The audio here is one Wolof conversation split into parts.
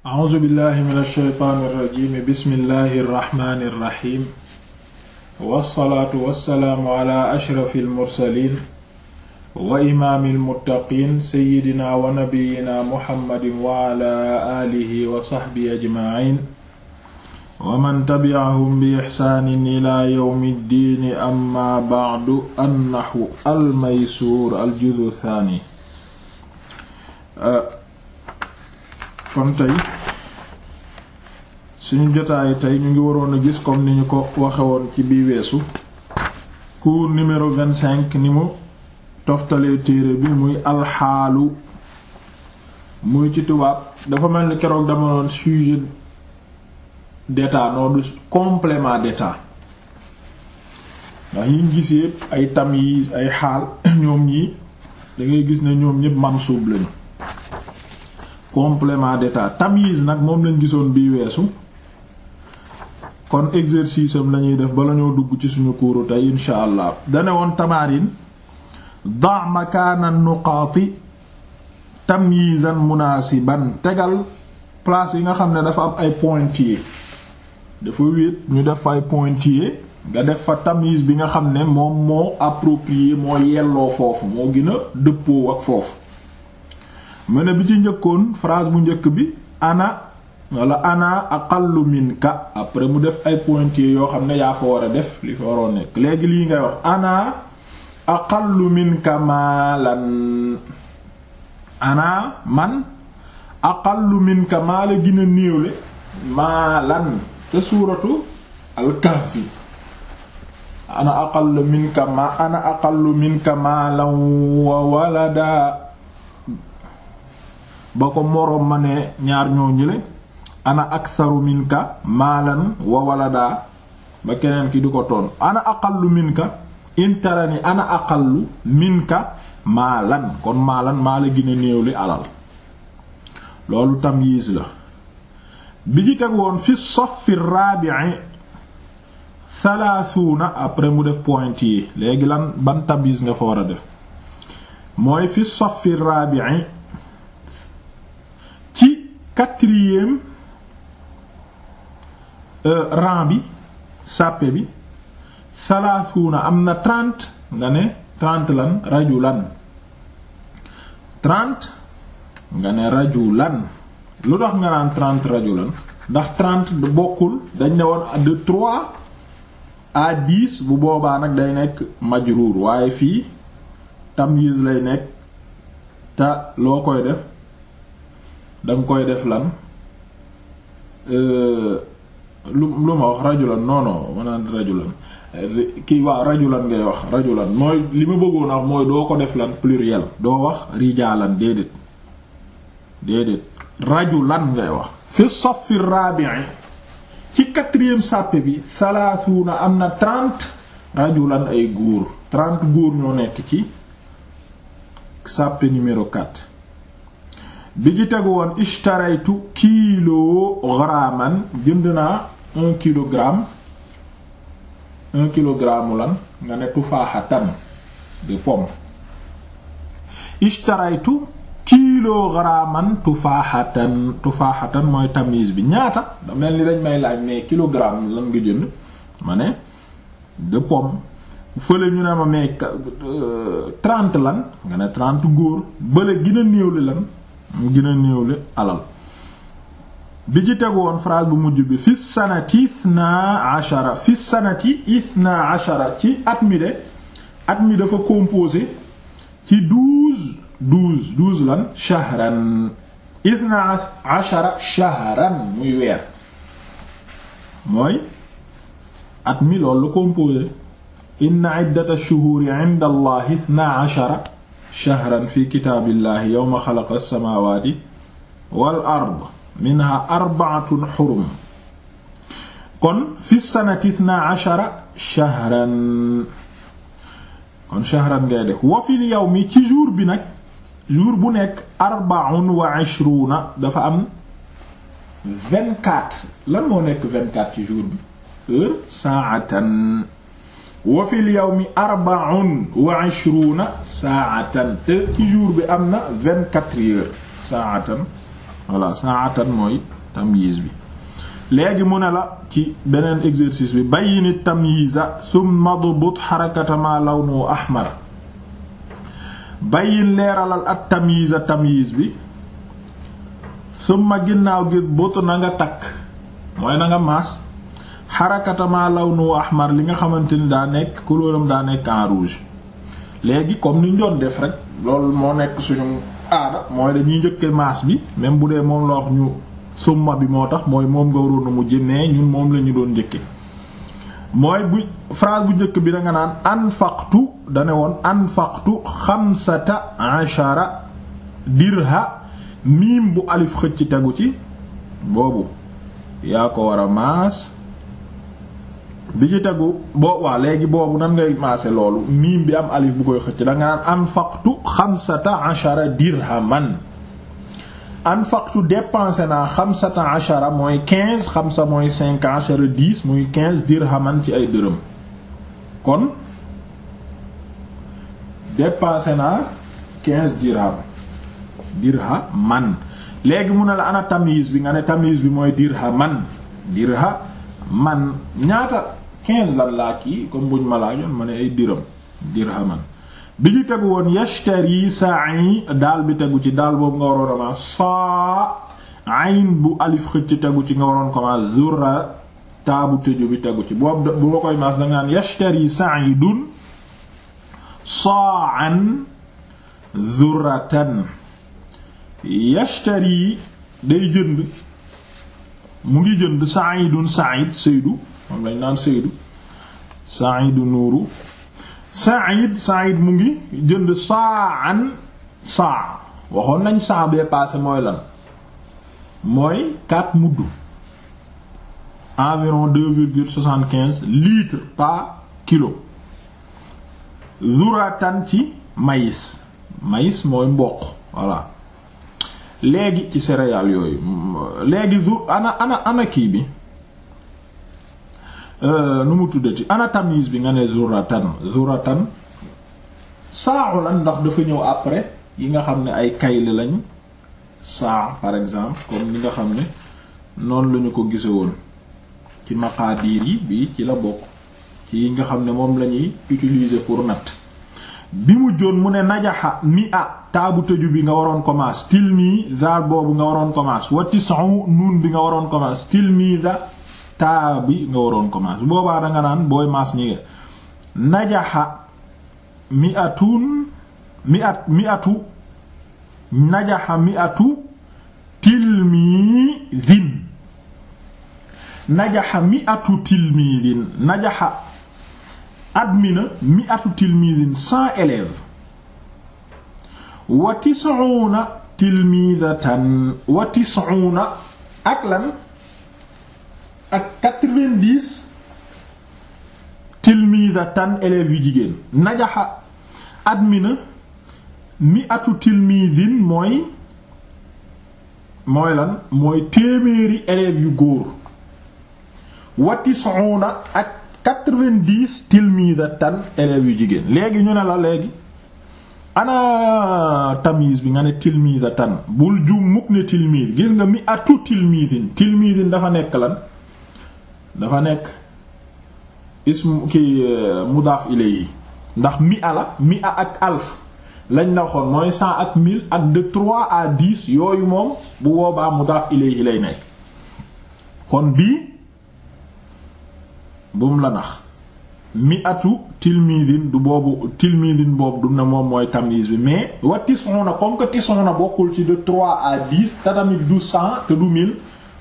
a'uuzu billahi min alsheytaan irrajim bismillahi irrahmani irrahim wassalaatu wassalaamu ala ashraf almursalin wa imaami almuttaqin seyidina wa nabiyina muhammadin wa ala alihi wa saxbihi ajmaciin wa man tabi'ahum bi ixsaanin ila yawmi ddiini amma ba'du annaxwu almaysuur aljuzu saani uh, kon tey suñu jotaay tey ñu ngi waroon a gis comme ni ñu ko waxe woon ci biir weesu ku numéro vingt-cinq ni mu toftalee téere bi muy alxaalu muy ci tubaab dafa mel ni keroog dama noon sujet d'état noonu complément d'état ndax yiñ gis ay tamyiz ay xaal ñoom ñi da gis ne ñoom ñépp mansuub lañu complément d'état tamyiz nag moom lañ gisoon bii weesu kon exercice lañuy def bala ñoo dugg ci suñu kuuru tey insha allah dane woon tamarin da makaana nuqaati tamyizan munaasiban tegal place yi nga xam ne dafa am ay pointillés dafa wéet ñu def ay pointillés nga def fa tamyiz bi nga xam ne moom moo approprié moo yelloo foofu moo gën a dëppoo ak foofu mu bi ci njëkkoon phrase bu njëkk bi ana wala ana aqallu après mu def ay pointillés yoo xam ne yaa fa war a def li fa waroon nekk léegi lii ngay wax ana aqallu maa la gën a néewle maalan te suuratu alkahfi ana aqallu minka ana aqallu minka maalan wa walada ba ko moroom ma ne ñaar ñoo ñële ana aksaru minka maalan wa walada ba keneen ki du ko toon ana aqallu minka intarani ana aqallu minka maalan kon maalan maa la gën a néew li alal loolu tamyiz la bi ci teg woon fi saffi rabi'i thalathuna après mu def point yi léegi lan ban tamyiz nga fa war a def mooy fi saffi rabi'i quatrième euh, rang bi sàppe bi salaasuuna am na trente nga ne trente lan rajulan trente nga ne rajulan lu tax nga naan trente rajulan ndax trente bokkul dañ ne woon de trois à dix bu boobaa nag day nekk majruur waaye fii tamyiz lay nekk te loo koy def danga koy def lan euh, lu lu ma wax rajulan non non ma naan rajulan kii waa rajulan ngay wax rajulan mooy li ma bëggoon wax mooy doo ko def lan pluriel doo wax rijaalan déedéet déedéet lan ngay wax fi safi rabi'i ci quatrième sàppe bi salaasu na am na trente rajulan ay góor trente góor ñoo nekk ci sàppe numéro quatre bi ci tegu woon ishtaraytu kilo graman jënd naa un kilogramme un kilogramme lan nga ne tufaaxatan de pomme ishtaraytu kilo graman tufaaxatan tufaaxatan mooy tamise bi ñaata mel ni dañ may laaj kilo kilogramme lan nga jënd ma ne de pomme fële ñu ne ma mais euh, trente lan nga ne trente góor bële gën a néew li lan mu gën a néewle alal bi ci tegu woon phrase bu mujj bi fi sanati ithna ashara fi sanati ithna ashara ci at mi de at mi dafa composé ci douze douze douze lan shahran ithna ashara shahran muy weer mooy at mi loolu composé inna iddata shuhuri inda allahi ithna shahran fi kitaabillahi yawma xalaqa as-samaawaati wal ard minha arba'atun xurum kon fi sanati ithnaa ashara shahran kon shahran ngay def wa fil yawmi ci jour bi nag jour bu nekk arba'un wa ishruuna dafa am vingt-quatre lan moo nekk vingt-quatre ci jour bi heure saatan wa fil yawmi arba'un wa ishruna te ci jour bi am na vingt-quatre heures saatan mooy tamyiz bi léegi mu ne la ci beneen exercice bi bayyin tamyiza thumma dbut harakata ma lawnu ahmar bayyin leeralal at tamyiza tamyiz bi summa ginnaaw gi but na nga takk mooy na nga maas xarakatamaa law nu ahmar li nga xamante ni daa nekk couleuram daa nekk en rouge léegi comme ni ñu doon def rek loolu moo nekk suñu aada mooy dañuy njëkke maas bi même bu dee moom la wax ñu summa bi moo tax mooy moom nga waroon mu mujj mais ñun moom lañu doon njëkke mooy bu phrase bu njëkk bi da nga naan anfaqtu dane woon anfaqtu xamsata ashara dirha miim bu alif xëcc tegu ci boobu yaa ko war a maas bi ci tegu boo waa léegi boobu nan ngay maase loolu miim bi am alif bu koy xëcc danga naan anfaqtu xamsata ashara dirhaman anfaqtu dépensé naa xamsata ashara mooy quinze xamsa mooy cinq ashara dix muy quinze dirhaman ci ay dërëm kon dépensé naa quinze dirham dirhaman léegi mu ne la ana tamyiz bi nga ne tamyiz bi mooy dirhaman dirha man ñaata quinze lan laa kii comme buñ ma laajoon ma ne ay diram dirhaman bi ñu tegu woon yashtari sa'i daal bi tegu ci daal boobu nga waroon ma saa ayn bu alif xëcc tegu ci nga waroon ko ma zurra taabu bi tegu ci boobu bu ma koy maas da nga naan yashtari sa'idun sa'an zurratan yashtari day jënd mu ngi jënd sa'idun sa'id moom lañ naan Seydou Saïdu Nuuru Saïd Saïd mu ngi jënd saan saa waxoon nañ saa bee paase mooy lan mooy 4 mudd environ 2,75 litres kilo zuratan ci maïs maïs mooy mboq voilà léegi ci céréales yooyu léegi zur ana ana ana bi Euh, nu mu tuddati ana tamise bi nga ne zuratan zuratan saaxu lan ndax dafa ñëw après yi nga xam ne ay kayli lañu saa par exemple comme ni nga xam ne noonu lañu ko gise woon ci maqaadiir yi bi ci la bokk ci yi nga xam ne moom la ñuy utiliser pour natt bi mu joon mu ne najaxa mi a taabu tëju bi nga waroon commence tilmii da boobu nga waroon commence wa tis'u nuun bi nga waroon commence tilmii da taa bi nga waroon commencer boobaa danga naan booy maas ñi najaxa mi atun najaxa mi atu najaxa mi atu najaxa admina mi atu wa tis'una tilmiidatan wa tis'una ak ak quatre-vingt-dix tilmidatan élèves yu jigéen najaxa admina mi atu tilmidin mooy mooy lan mooy téeméeri élèves yu góor wa tis'una ak quatre-vingt-dix tilmidatan élèves yu jigéen léegi ñu ne la léegi ana tamise bi nga ne tilmidatan bul juum mukk ne tilmid gis nga mi atu tilmidin tilmidin dafa nekk lan dafa nekk ismu ki euh, mudaaf ilayhi ndax mi a la mi a ak alf lañ la waxoon mooy cent ak mil ak de trois à dix yooyu moom bu boobaa mudaaf ilayhi lay nekk kon bii bumu la nax mi atu tilmidin du boobu tilmidin boobu du ne moom mooy tamyiz bi mais wa tis'una comme que tis'una bokkul ci de trois à dix te tamit du cent te du mille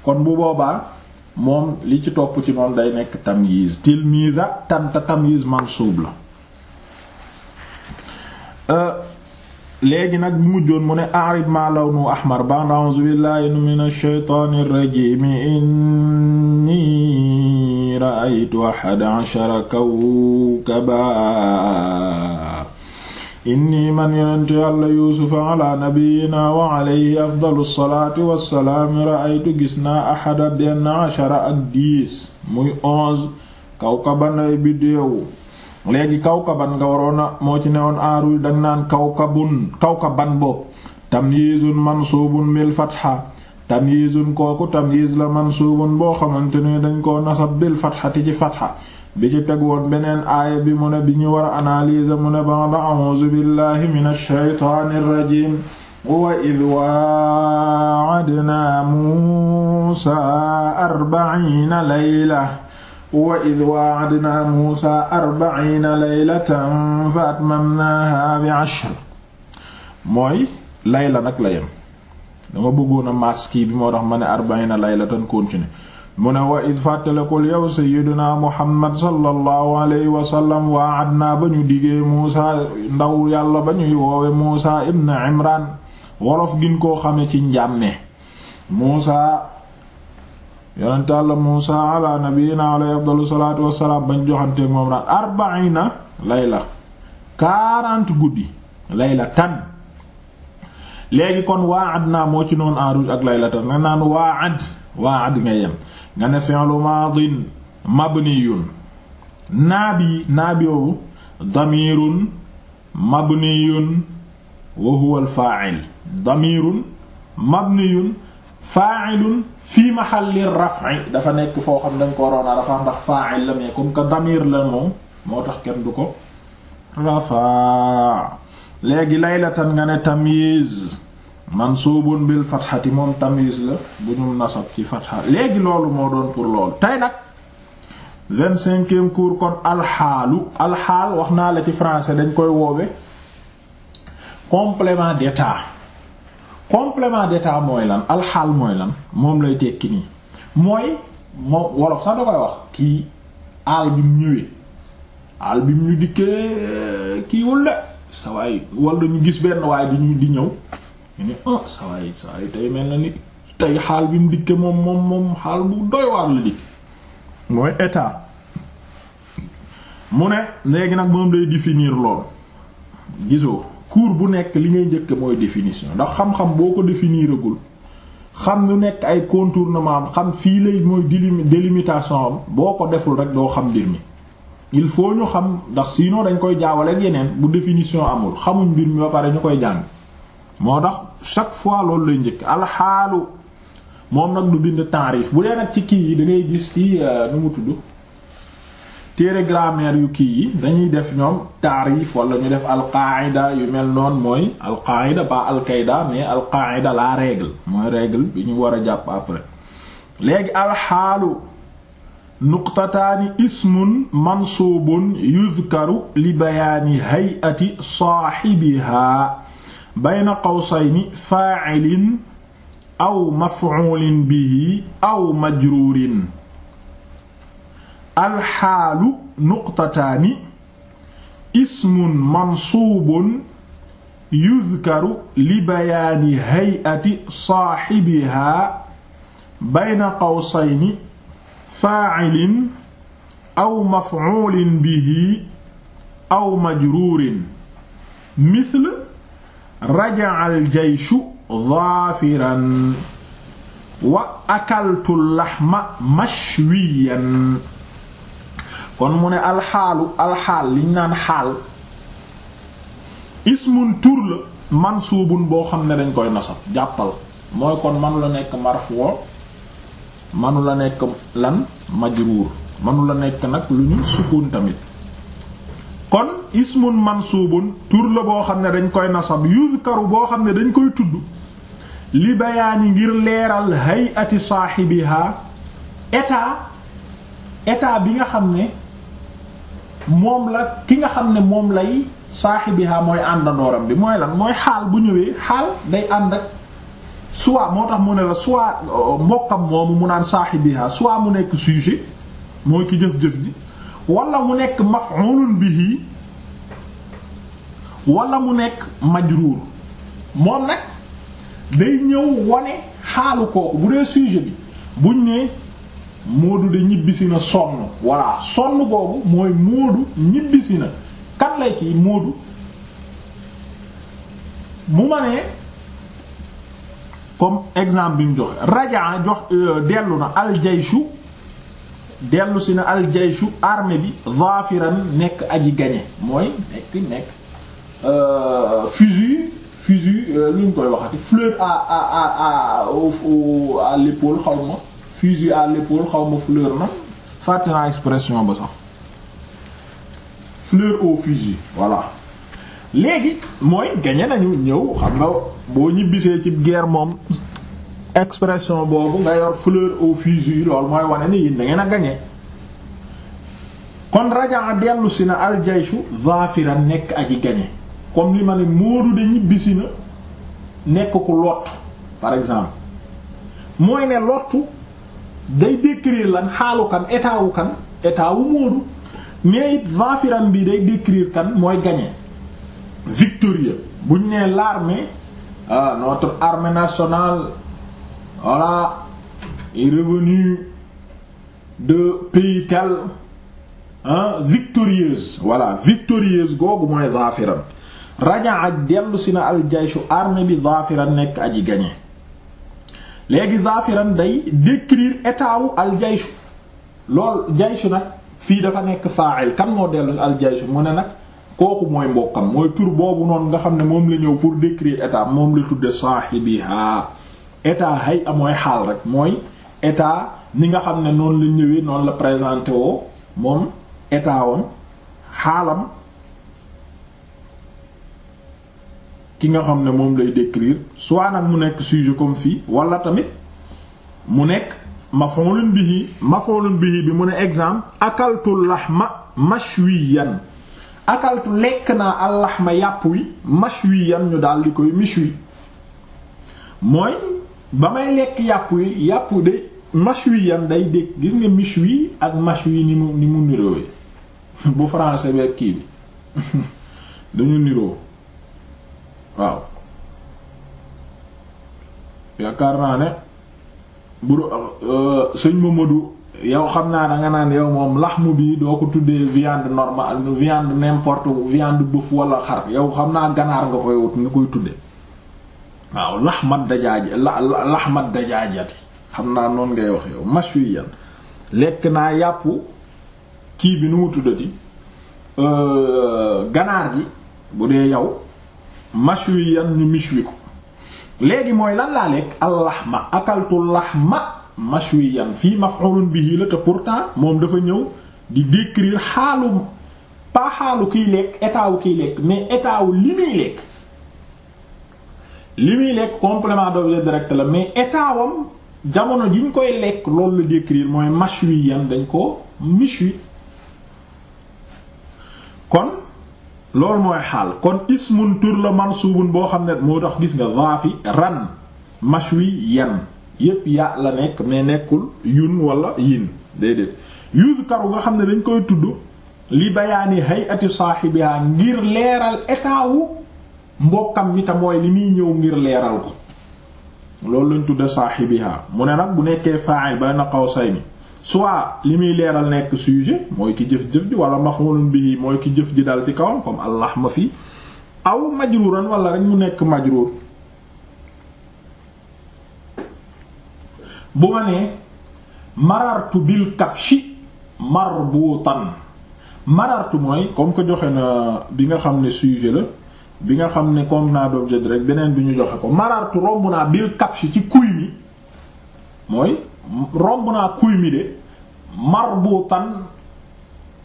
kon bu boobaa moom li ci topp ci moom day nekk tamyiz tilmiza tam ta tamyiz mansub la euh, léegi nag bu mujjoon mu ne a'rib rajiim inni ra'aytu ahada ashara kawkaba inni man yonent yàlla yuusufa ala nabiyina wa alayhi afdalu salaati wassalaami ra'aytu gis naa ahada denn ak dix muy onze kawkaban ay biddeewu léegi kawkaban nga waroon a moo ci newoon aaruy dang naan kawkabun kawkaban bopp tamyiizun mansuubun mil fatxa tamyiizun kooku tamyiiz la mansuubun boo xamante ne dañ koo nasab bil fatxati ci fatxa bi ci teg woon beneen aaya bi mu bi ñu war a analyser mu ne ba ba a'uuzu billahi minash shaytaanir rajiim wa idh wa'adnaa muusaa arba'iina layla wa id waadnaa muusa arbaina laylatan fa atmamnaaha bi ashr mooy layla nag la yem dama bëggoon a kii bi moo tax ma ne arbaina laylatan continuer mu ne wa id fàttalikul yow sayyiduna muhammad sallallahu alayhi wa sallam waadnaa ba ñu digee muusa ndaw yàlla ba ñuy woowe muusa ibn imran wolof gin koo xame ci njàmme muusa yonent yàlla muusa ala nabiyina alayhi afdalu moom raan arbaina layla quarante guddi layla tan léegi kon waadnaa moo ci noonu en rouge ak layla tan nga naan waad waad nga yem nga ne fi'lu maadin mabniyun naabi naabiowu damirun mabniyun wa huwa al-faa'il damirun mabniyun faa'ilun fii mahalli raf'i dafa nekk foo xam dañ ko waroon a rafa ndax faa'il la mais comme que damir la moom moo tax kenn du ko rafa léegi laylatan nga ne tamyiz mansuubun bil fatxati moom tamyiz la bu ñu nasab ci fatxa léegi loolu moo doon pour loolu tey nag vingt-cinquième cours kon alxaalu alxaal wax naa la ci français dañ koy woobe complément d'état complément d'état mooy lan alxaal mooy lan moom lay tekki nii mooy moom wolof sax da koy wax kii aal bi mu ñëwee aal bi mu ñu dikkee kii wul de sa waay wala ñu gis benn waaye di di ñëw ñu ne ah sawaay tey mel na ni tey xaal bi mu dikke moom moom moom xaal bu doy waar la dikk mooy état mu ne léegi nag moom lay définir lool gisoo cours bu nekk li ngay njëkk mooy définition ndax xam boo ko définiragul xam nu nekk ay contournement am xam fii lay mooy délimitation boo ko deful rek doo xam mbir mi il faut ñu xam ndax sinon dañ koy jaawale yeneen bu définition amul xamuñ mbir mi ba pare ñu koy jàng moo tax chaque fois loolu lay njëkk alxaalu moom nag lu bind taarif bu dee nag ci kii yi dangay gis ci euh, nu mu tudd yu kii yi dañuy def ñoom taarif wala ñu def alqaida yu mel noonu mooy alqaida ba alqaida mais alqaida la règle mooy règle bi ñu war a jàpp après léegi alxaalu nuqtataani ismun mansubun yuzkaru li bayaani hay'ati saahibiha bayna qawsayni faa'ilin aw maf'ulin bihi aw majruurin alxaalu nuqtataani ismun mansuubun yudkaru li bayaani hay'ati saaxibihaa bayna qawsayni faa'ilin aw maf'ulin bihi aw majruurin misl raja'a al-jayshu dhaafiran wa akaltu al-lahma mashwiyan kon mu ne alxaalu alxaal liñ naan xaal ismun tur la mansuubun boo xam ne dañ koy nasab jàppal mooy kon manu la nekk marfoo manu nekk lan majruur manu nekk nag lu ñu sukun tamit kon ismun mansuubun tur la boo xam ne dañ koy nasab yuzkaru boo xam ne dañ koy tudd li bayaani ngir leeral hay'ati saahibiha état état bi nga xam ne moom la ki nga xam ne moom lay saahibiha mooy àndandooram bi mooy lan mooy xaal bu ñëwee xaal day ànd ak soit moo tax mu ne la soit euh, mbokkam moomu mu naan saahibiha soit mu nekk sujet moo ki jëf-jëf ji wala mu nekk maf'ulun bihi wala mu nekk majruur moom nag day ñëw wane xaalu kooku bu dee sujet bi buñ ne Moodu de ñibbisi na sonn voilà sonn boobu mooy Moodu ñibbisi na kan lay kii Moodu mu ma nee comme exemple bi mu joxe rajaa jox euh, dellu na aljayshu dellu si na aljayshu armée bi zafiran nekk aji gañe mooy nekk nekk fusil euh, fusil euh, lu ñu koy waxati fleur à à à à à l'épaule xaw ma fusil à l'épaule xaw fleur na fàtte naa expression ba sax fleur au fusil voilà léegi mooy gañe nañu ñëw xam nga boo ñibbisee ci guerre moom expression boobu nga yor fleur au fusil loolu mooy wane ni da ngeen a gañe kon rajaa dellu si na aljaysu zafiran nekk aji gañe comme li ma ne Moodu de ñibbisi na nekk ku lott par exemple mooy ne lottu day décrire lan xaalu kan état wu kan état wu Moodu mais it day décrire kan mooy gañe victorieux buñ nee l'armée euh, notre armée nationale voilà est revenu de pays tel ah victorieuse voilà victorieuse googu mooy zaafiran rajaa dellu si na aljaychu armée bi zaafiran nekk aji gañe léegi zaafiran day décrire état wu aljaychu lool jaychu nag fii dafa nekk fa'il kan moo dellu si aljaychu mu ne nag kooku mooy mbokkam mooy tur boobu noonu nga xam ne moom la ñëw pour décrire état moom la tudde saahibiha état hay a mooy xaal rek mooy état ni nga xam ne noonu la ñëwee noonu la présenté woo moom état wam xaalam ki nga xam ne moom lay décrire soit nag mu nekk sujet comme fii wala tamit mu nekk maf'ulun bihi maf'ulun bihi bi mu ne exemple akaltu lahma mashwiyan akaltu lekk naa al lahma yàpp wi mashwiyan ñu daal di koy mishwi mooy ba may lekk yàpp yi yàpp day mashwi yan day dégg gis nga mishwi ak yi ni mu ni mu niroowee bu français bi ak kii bi dañu niroo waaw yaakaar naa ne bu euh, sëñ Mamadou yow xam naa danga naan yow moom lax mu bi doo ko tuddee viande normale viande n'importe viande bœuf wala xar yow xam naa ganaar nga koy wut nga koy tuddee waaw laxmat dajaaji la laxmat dajaajati xam naa noonu ngay wax yow mashwiyan lekk naa yàpp kii bi nu mu tuddati euh, ganaar gi bu dee yow mashwiyan ñu mishwi ko léegi mooy lan laa lekk al ma akaltu laxma mashwiyan fii maf'ulun bihi la te pourtant moom dafa ñëw di décrire xaalu pas xaalu kiy lekk état wu kiy lekk mais état li muy lekk li muy lekk complément d'objet direct la mais état jamono ji koy lekk loolu la décrire mooy mashwi yan dañ ko mishwi kon loolu mooy xaal kon ismun tur la mansubun boo xam ne moo tax gis nga zaafi ran mashwi yan yépp ya la nekk mais nekkul yun wala yin déedéet yuzkaru nga xam ne dañ koy tudd li bayaani hay'ati saahibiha ngir leeral état mbokkam mi te mooy li muy ñëw ngir leeral ko loolu lañ tudde saaxibiha mu ne nag bu nekkee ba fa'il bayna qawsayni soit li muy leeral nekk sujet mooy ki jëf-jëf ji wala maf'ulun bihi mooy ki jëf ji dal ci kawam comme allah ma fii aw majruuran walla rek mu nekk majruur bu ma nee marartu bil kabshi marbuutan marartu mooy comme ko joxe na bi nga xam ne sujet la bi nga xam ne contenant d'objet rek beneen bi ñu joxe ko marartu romb naa bil kapshi ci kuy mi mooy romb naa kuy mi de marbuutan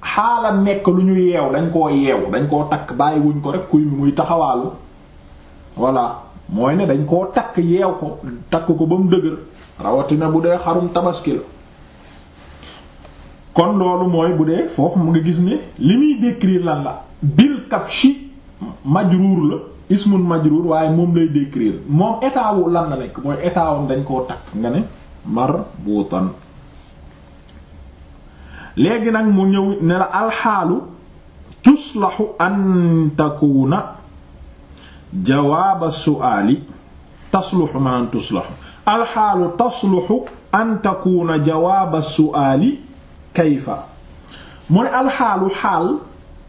xaala nekk lu ñu yeew dañ koo yeew dañ koo takk bàyyi wuñ ko rek kuy mi muy taxawaalu voilà mooy ne dañ koo takk yeew ko takk ko ba mu dëgër rawatina bu dee xarum tabaski la kon loolu mooy bu dee foofu mu nga gis ne li muy décrire lan la bil kapshi majruur la ismun majruur waaye moom lay décrire moom état lan la nekk mooy état dañ koo takk nga ne marbuutan léegi nag mu ñëw ne la alxaalu tuslahu an takuna jawaaba suaali tasluxu maanaam tuslahu alxaalu tasluxu an takuna jawaaba suaali kayfa mooy alxaalu xaal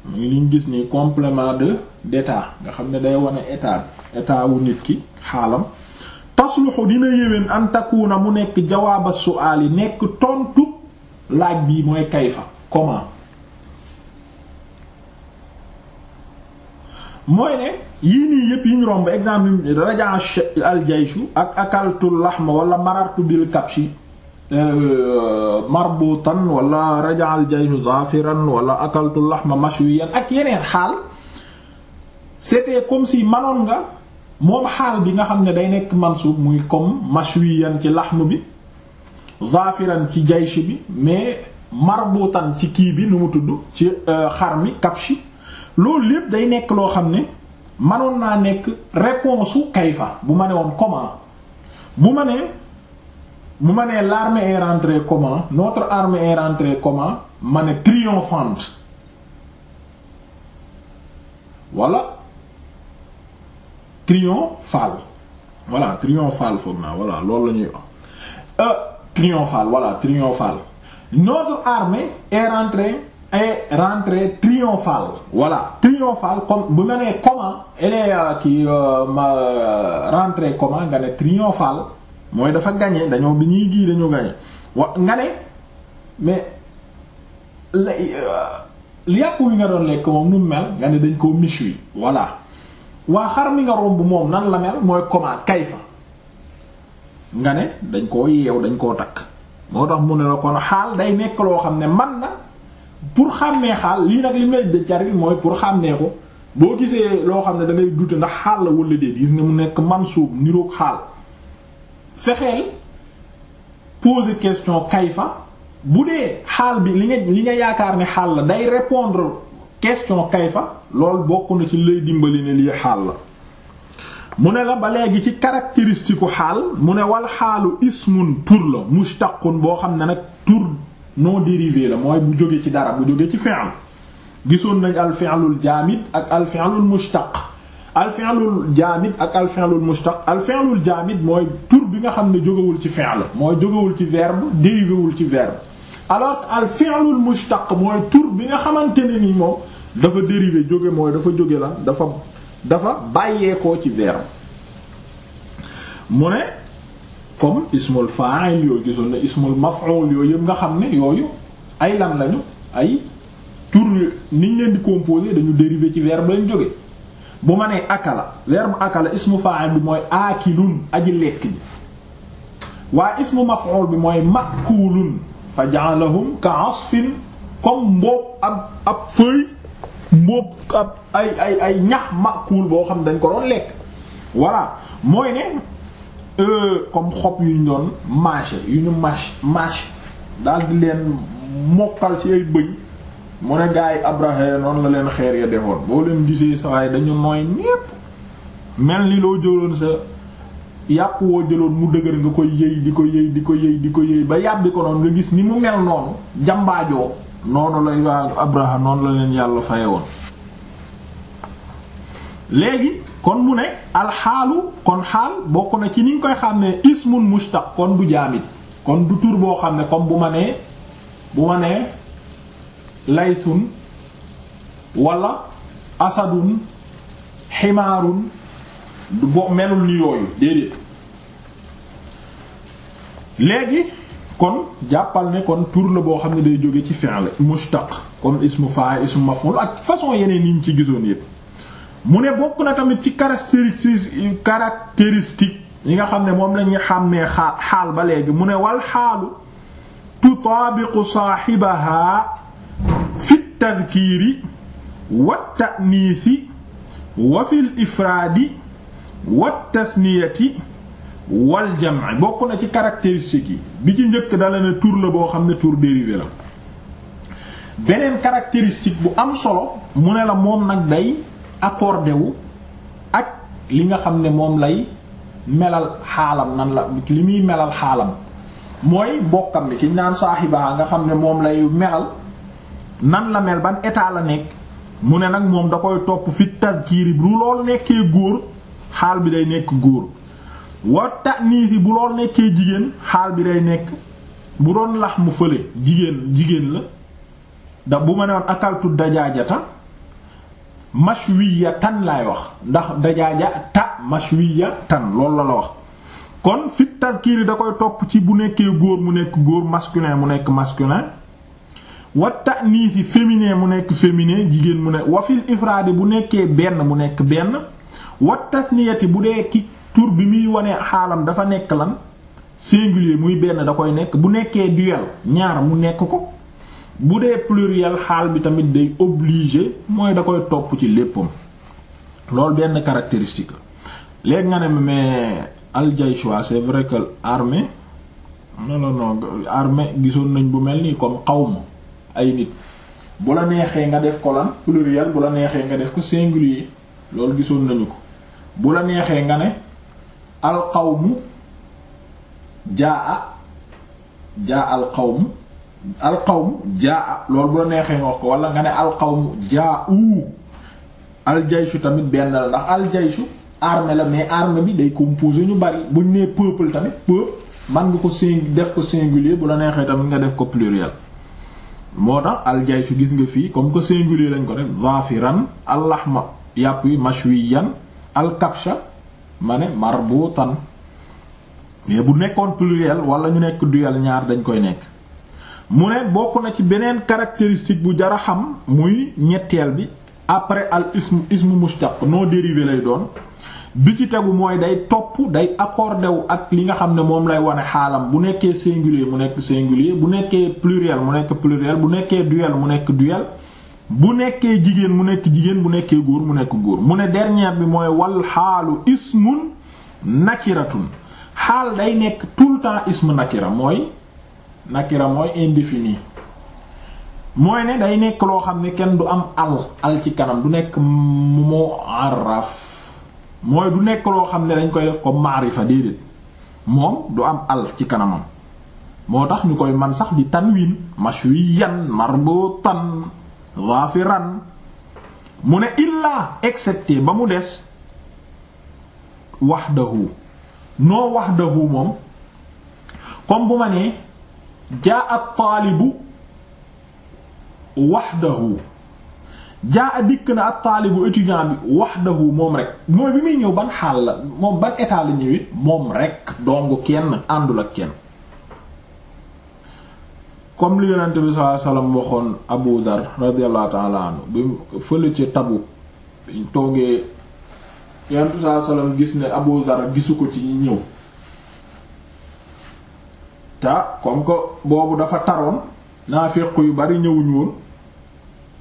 muy liñ gis ni complément de d'état nga xam ne day wane état état wu nit ki xaalam tasluxu dina yéwén an takuna mu nekk jawaaba su'aal yi nekk tontu laaj bi mooy kayfa comment mooy ne yii nii yépp yi ñu romb exemple raja al jayshu ak akaltu lahma wala marartu bil kabshi Eh, euh, marbutan wala rajaal jayhu zafiran wala akaltu lahma mashwiyan ak yeneen xaal c'était comme si manoon nga moom xaal bi nga xam ne day nekk mansuub muy comme mashwiyan ci laxm bi zafiran ci jaysh bi mais marbutan ci kii bi nu mu tudd ci euh, xar mi kapshi loolu lépp day nekk loo xam ne manoon naa nekk réponse u kayfa bu ma ne woon comment bu ma ne bu ma nee l'armée est rentrée comment notre armée est rentrée comment ma ne triomphante voilà triomphale voilà triomphale foog naa voilà loolu la ñuy wax euh triomphale voilà triomphale notre armée est rentrée est rentrée triomphale voilà triomphale comme bu ma nee comment elle est euh, euh, euh, comment nga ne triomphale mooy dafa gañe dañoo bi ñuy gii dañoo gañe wa nga ne mais euh, yàpp wi nga doon lekk moom nu mel nga ne dañ koo miche yi voilà waa xar mi nga romb moom nan la mel mooy comment kayfa nga ne dañ koo yeew dañ koo takk moo tax mu ne la kon xaal day nekk loo xam ne man na pour xàmmee xaal lii nag li may dëccar bi mooy pour xàmmee ko boo gisee loo xam ne da ngay dute ndax xaal la wala déet gis nga mu nekk man mansuub niroog xaal fexeel poser question kayfa bu dee xaal bi li nga li nga yaakaar ni xaal la day répondre question kayfa lool bokk na ci lay dimbali ne lii xaal la mu ne la ba léegi ci caractéristique u xaal mu ne wal xaalu ismun tur la mushtaqun boo xam ne nag tur non dérivé la mooy bu jóge ci dara bu jóge ci fi'l gisoon nañ al fi'lul jaamid ak al fi'lul mushtaq al fi'lul jaamid ak al fi'lul mushtaq al fi'lul jaamid mooy tur bi nga xam ne jógewul ci fi'l mooy jógewul ci verbe dérivé wul ci verbe alors al fi'lul mushtaq mooy tur bi nga xamante ne ni moom dafa dérivé jóge mooy dafa jóge la dafa dafa bàyyeekoo ci verbe mu ne comme ismul fa'il yooyu gisoon na ismul maf'ul yooyu yëpp nga xam ne yooyu ay lan lañu ay tur niñ leen di composé dañu dérivé ci verbe lañ jóge bu ma nee akala verbe akala ismu fa'il bi mooy aakilun aji lekk ji waaye ismu maf'ul bi mooy makuulun fa ja'alahum ka'asfin comme mboob ab ab fëy mboob ab ay ay ay ñax makuul boo xam dañ ko doon lekk voilà mooy ne euh, comme xob yu ñu doon yu ñu mâché mâché daal di leen mokkal ci ay bëñ mu ne gaa yi Abraha noonu la leen xeer ya defoon boo leen gisee sawaay dañu nooy ñépp mel ni loo jëloon sa yàpp woo jëloon mu dëgër nga koy yëy di ko yëy di ko yëy di ko yëy ba yàbbi ko noonu nga gis ni mu mel noonu jambaajoo noonu lay waa noonu la leen yàlla woon léegi kon mu ne alxaalu kon xaal bokk na ci ni koy xam ne ismun mushtaq kon du jaamit kon du tur boo xam ne comme bu ma nee bu ma nee laysun wala asadun ximaarun bo melul ni yooyu déedéet léegi kon jàppal ne kon tur la boo xam ne day jóge ci fi'l mushtaq comme ismu fa'il ismu maf'ul ak façon yeneen yi ñu ci gisoon yépp mu ne bokk na tamit ci caractéristique caractéristique yi nga xam ne moom la ñuy xàmmee xaal ba léegi mu ne wal xaalu tutaabiqu saahibaha fi tadkiiri wa ta'niisi wa fil ifraadi wa tasniyati wal jam'i bokk na ci caractéristique yi bi ci njëkk dala ne tur la boo xam ne tur dérivé la beneen caractéristique bu am solo mu ne la moom nag day accordé ak li nga xam ne moom lay melal xaalam nan la melal xaalam mooy bokkam bi ki naan saaxiba nga xam ne moom lay melal nan la mel ban état la nekk mu ne nag moom da koy topp fi tadkiir bu loolu nekkee góor xaal bi day nekk góor wa ta'niisi bu loolu nekkee jigéen xaal bi day nekk bu doon lax mu fële jigéen jigéen la da bu ma ne woon akaltu dajaajata ya tan laay wax ndax dajaaja ta mashwiya tan loolu la la wax kon fit tadkiir da koy topp ci bu nekkee góor mu nekk góor masculin mu nekk masculin wa ta'niisi féminin mu nekk féminin jigéen mu ne wa fil bu nekkee benn mu nekk benn wa tasniyati bu dee ki tur bi muy wane xaalam dafa nekk lan singulier muy benn da koy nekk bu nekkee duyal ñaar mu nekk ko bu dee pluriel xaal bi tamit day obligé mooy da koy topp ci léppam loolu benn caractéristique la léegi nga ne mais aljayshwa c'est vrai que armée non gisoon nañ bu mel nii comme xawma ay nit bu la neexee nga def ko lan pluriel bu la neexee nga def ko singulier loolu gisoon nañu ko bu la neexee nga ne alqawmu jaa jaa alqawmu alqawmu jaa loolu bu neexee wax ko wala nga ne alqawmu jaa u aljaysu tamit benn la ndax aljaysu armée la mais armée bi day composé ñu bari buñ nee peuple tamit peuple man nga ko sing def ko singulier bu la neexee tamit nga def ko pluriel moo tax aljaysu gis nga fii comme que singulier lañ ko def zafiran allahma yàpp yi mashwiyan alkabsha ma ne marbutan mais bu nekkoon pluriel wala ñu nekk duel ñaar dañ koy nekk mu ne bokk na ci beneen caractéristique bu jara xam muy ñetteel bi après al ism ismu mushtaq non dérivé lay doon bi ci tegu mooy day topp day accordé wu ak li nga xam ne moom lay wane xaalam bu nekkee singulier mu nekk singulier bu nekkee pluriel mu nekk pluriel bu nekkee duel mu nekk duel bu nekkee jigéen mu nekk jigéen bu nekkee góor mu nekk góor mu ne dernier bi mooy wal xaalu ismun nakiratun xaal day nekk tout le temps ismu nakira mooy nakira mooy indéfini mooy ne day nekk loo xam ne kenn du am al al ci kanam du nekk mu'arraf mooy du nekk loo xam ne dañ koy def comme maarifa déedéet moom du am al ci kanamam moo tax ñu koy man sax bi tan di tanwin mashwiyan marbutan zafiran mu ne illaa excepté ba mu des wahdahu noo wahdahu moom comme bu ma nee jaa at taalibu wahdahu jaa a dikk na ab taalibu étudiant bi wahdahu moom rek mooy bi muy ñëw ban xaal la moom ban état la ñëwit moom rekk dong kenn àndul ak kenn comme li yonente bi sallallahu waxoon Abu Dar radiyallahu ta'ala anhu bi fële ca gis ne Abu Dar gisu ko ci ñi ñëw ta comme que boobu dafa taroon naafiq yu bari ñëw woon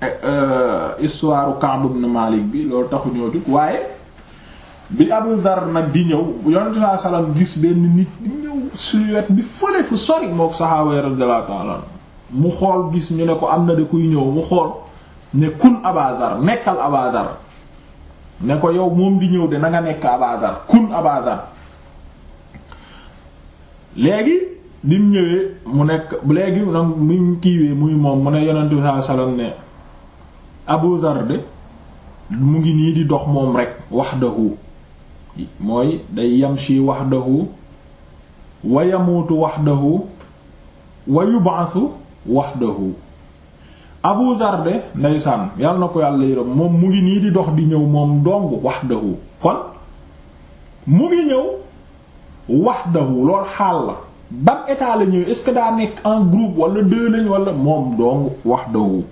Eh, eh, histoire Ka'b ibn Malik bi loolu taxu ñoo jóg waaye bi Abu Dhar nag di ñëw yonent saa salaam gis benn nit di ñëw silhouette bi fële fu sori mook saxaaba radiyallahu ta'ala mu xool gis ñu ne ko am na de kuy ñëw mu xool ne kun Aba nekkal Aba Dhar ne ko yow moom di ñëw de na nga nekk Aba kun Aba léegi bi mu ñëwee mu nekk léegi nag mu kiiwee muy moom mu ne yonent saa salaam ne Abu Dhar mu ngi nii di dox moom rek wahdahu mooy day yamshi wahdahu wa yamuutu wahdahu wa yub'athu wahdahu Abu Dhar de ndeysaan yàlla na ko yàlla yërëm moom mu ngi nii di dox di ñëw moom dong wahdahu kon mu ngi ñëw wahdahu lool xaal la ban état la ñëw est-ce que daa nekk en groupe wala deux lañ wala moom dong wahdahu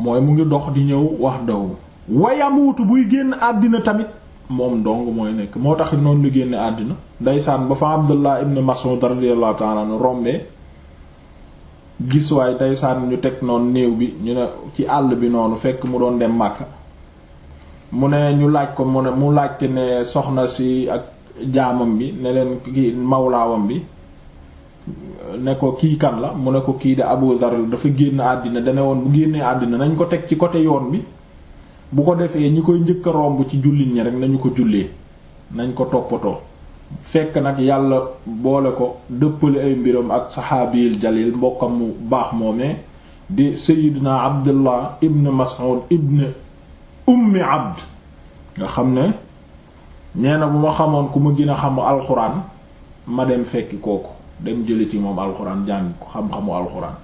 mooy mu ngi dox di ñëw wax daw wayamuutu buy génn àddina tamit moom dong mooy nekk moo tax noon lu génn àddina ndeysaan ba fa Abdullah ibn Mas'ud radiyallahu ta'ala anhu rombee gis waay ndeysaan ñu teg noon néew bi ñu ne ci àll bi noonu fekk mu doon dem Makka mu ne ñu laaj ko mu ne mu laajte ne soxna si ak jaamam bi ne leen ki mawlaawam bi ne ko kii kan la mu ne ko kii de Abu Dhar dafa génn àddina dane woon bu génnee àddina nañ ko teg ci côté yoon bi bu ko defee ñi koy njëkk romb ci jullit ñi rek nañu ko jullee nañ ko toppatoo fekk nag yàlla boole ko dëppale ay mbiram ak saxaabiyil jalil mbokkam mu baax moomee di Seydina Abdullah ibn Mas'ud ibn ummi abd nga xam ne nee na ma xamoon ku ma gën a xam alxuraan ma dem fekki kooku dem jële ci moom alxuraan jàng ko xam-xamu alxuraan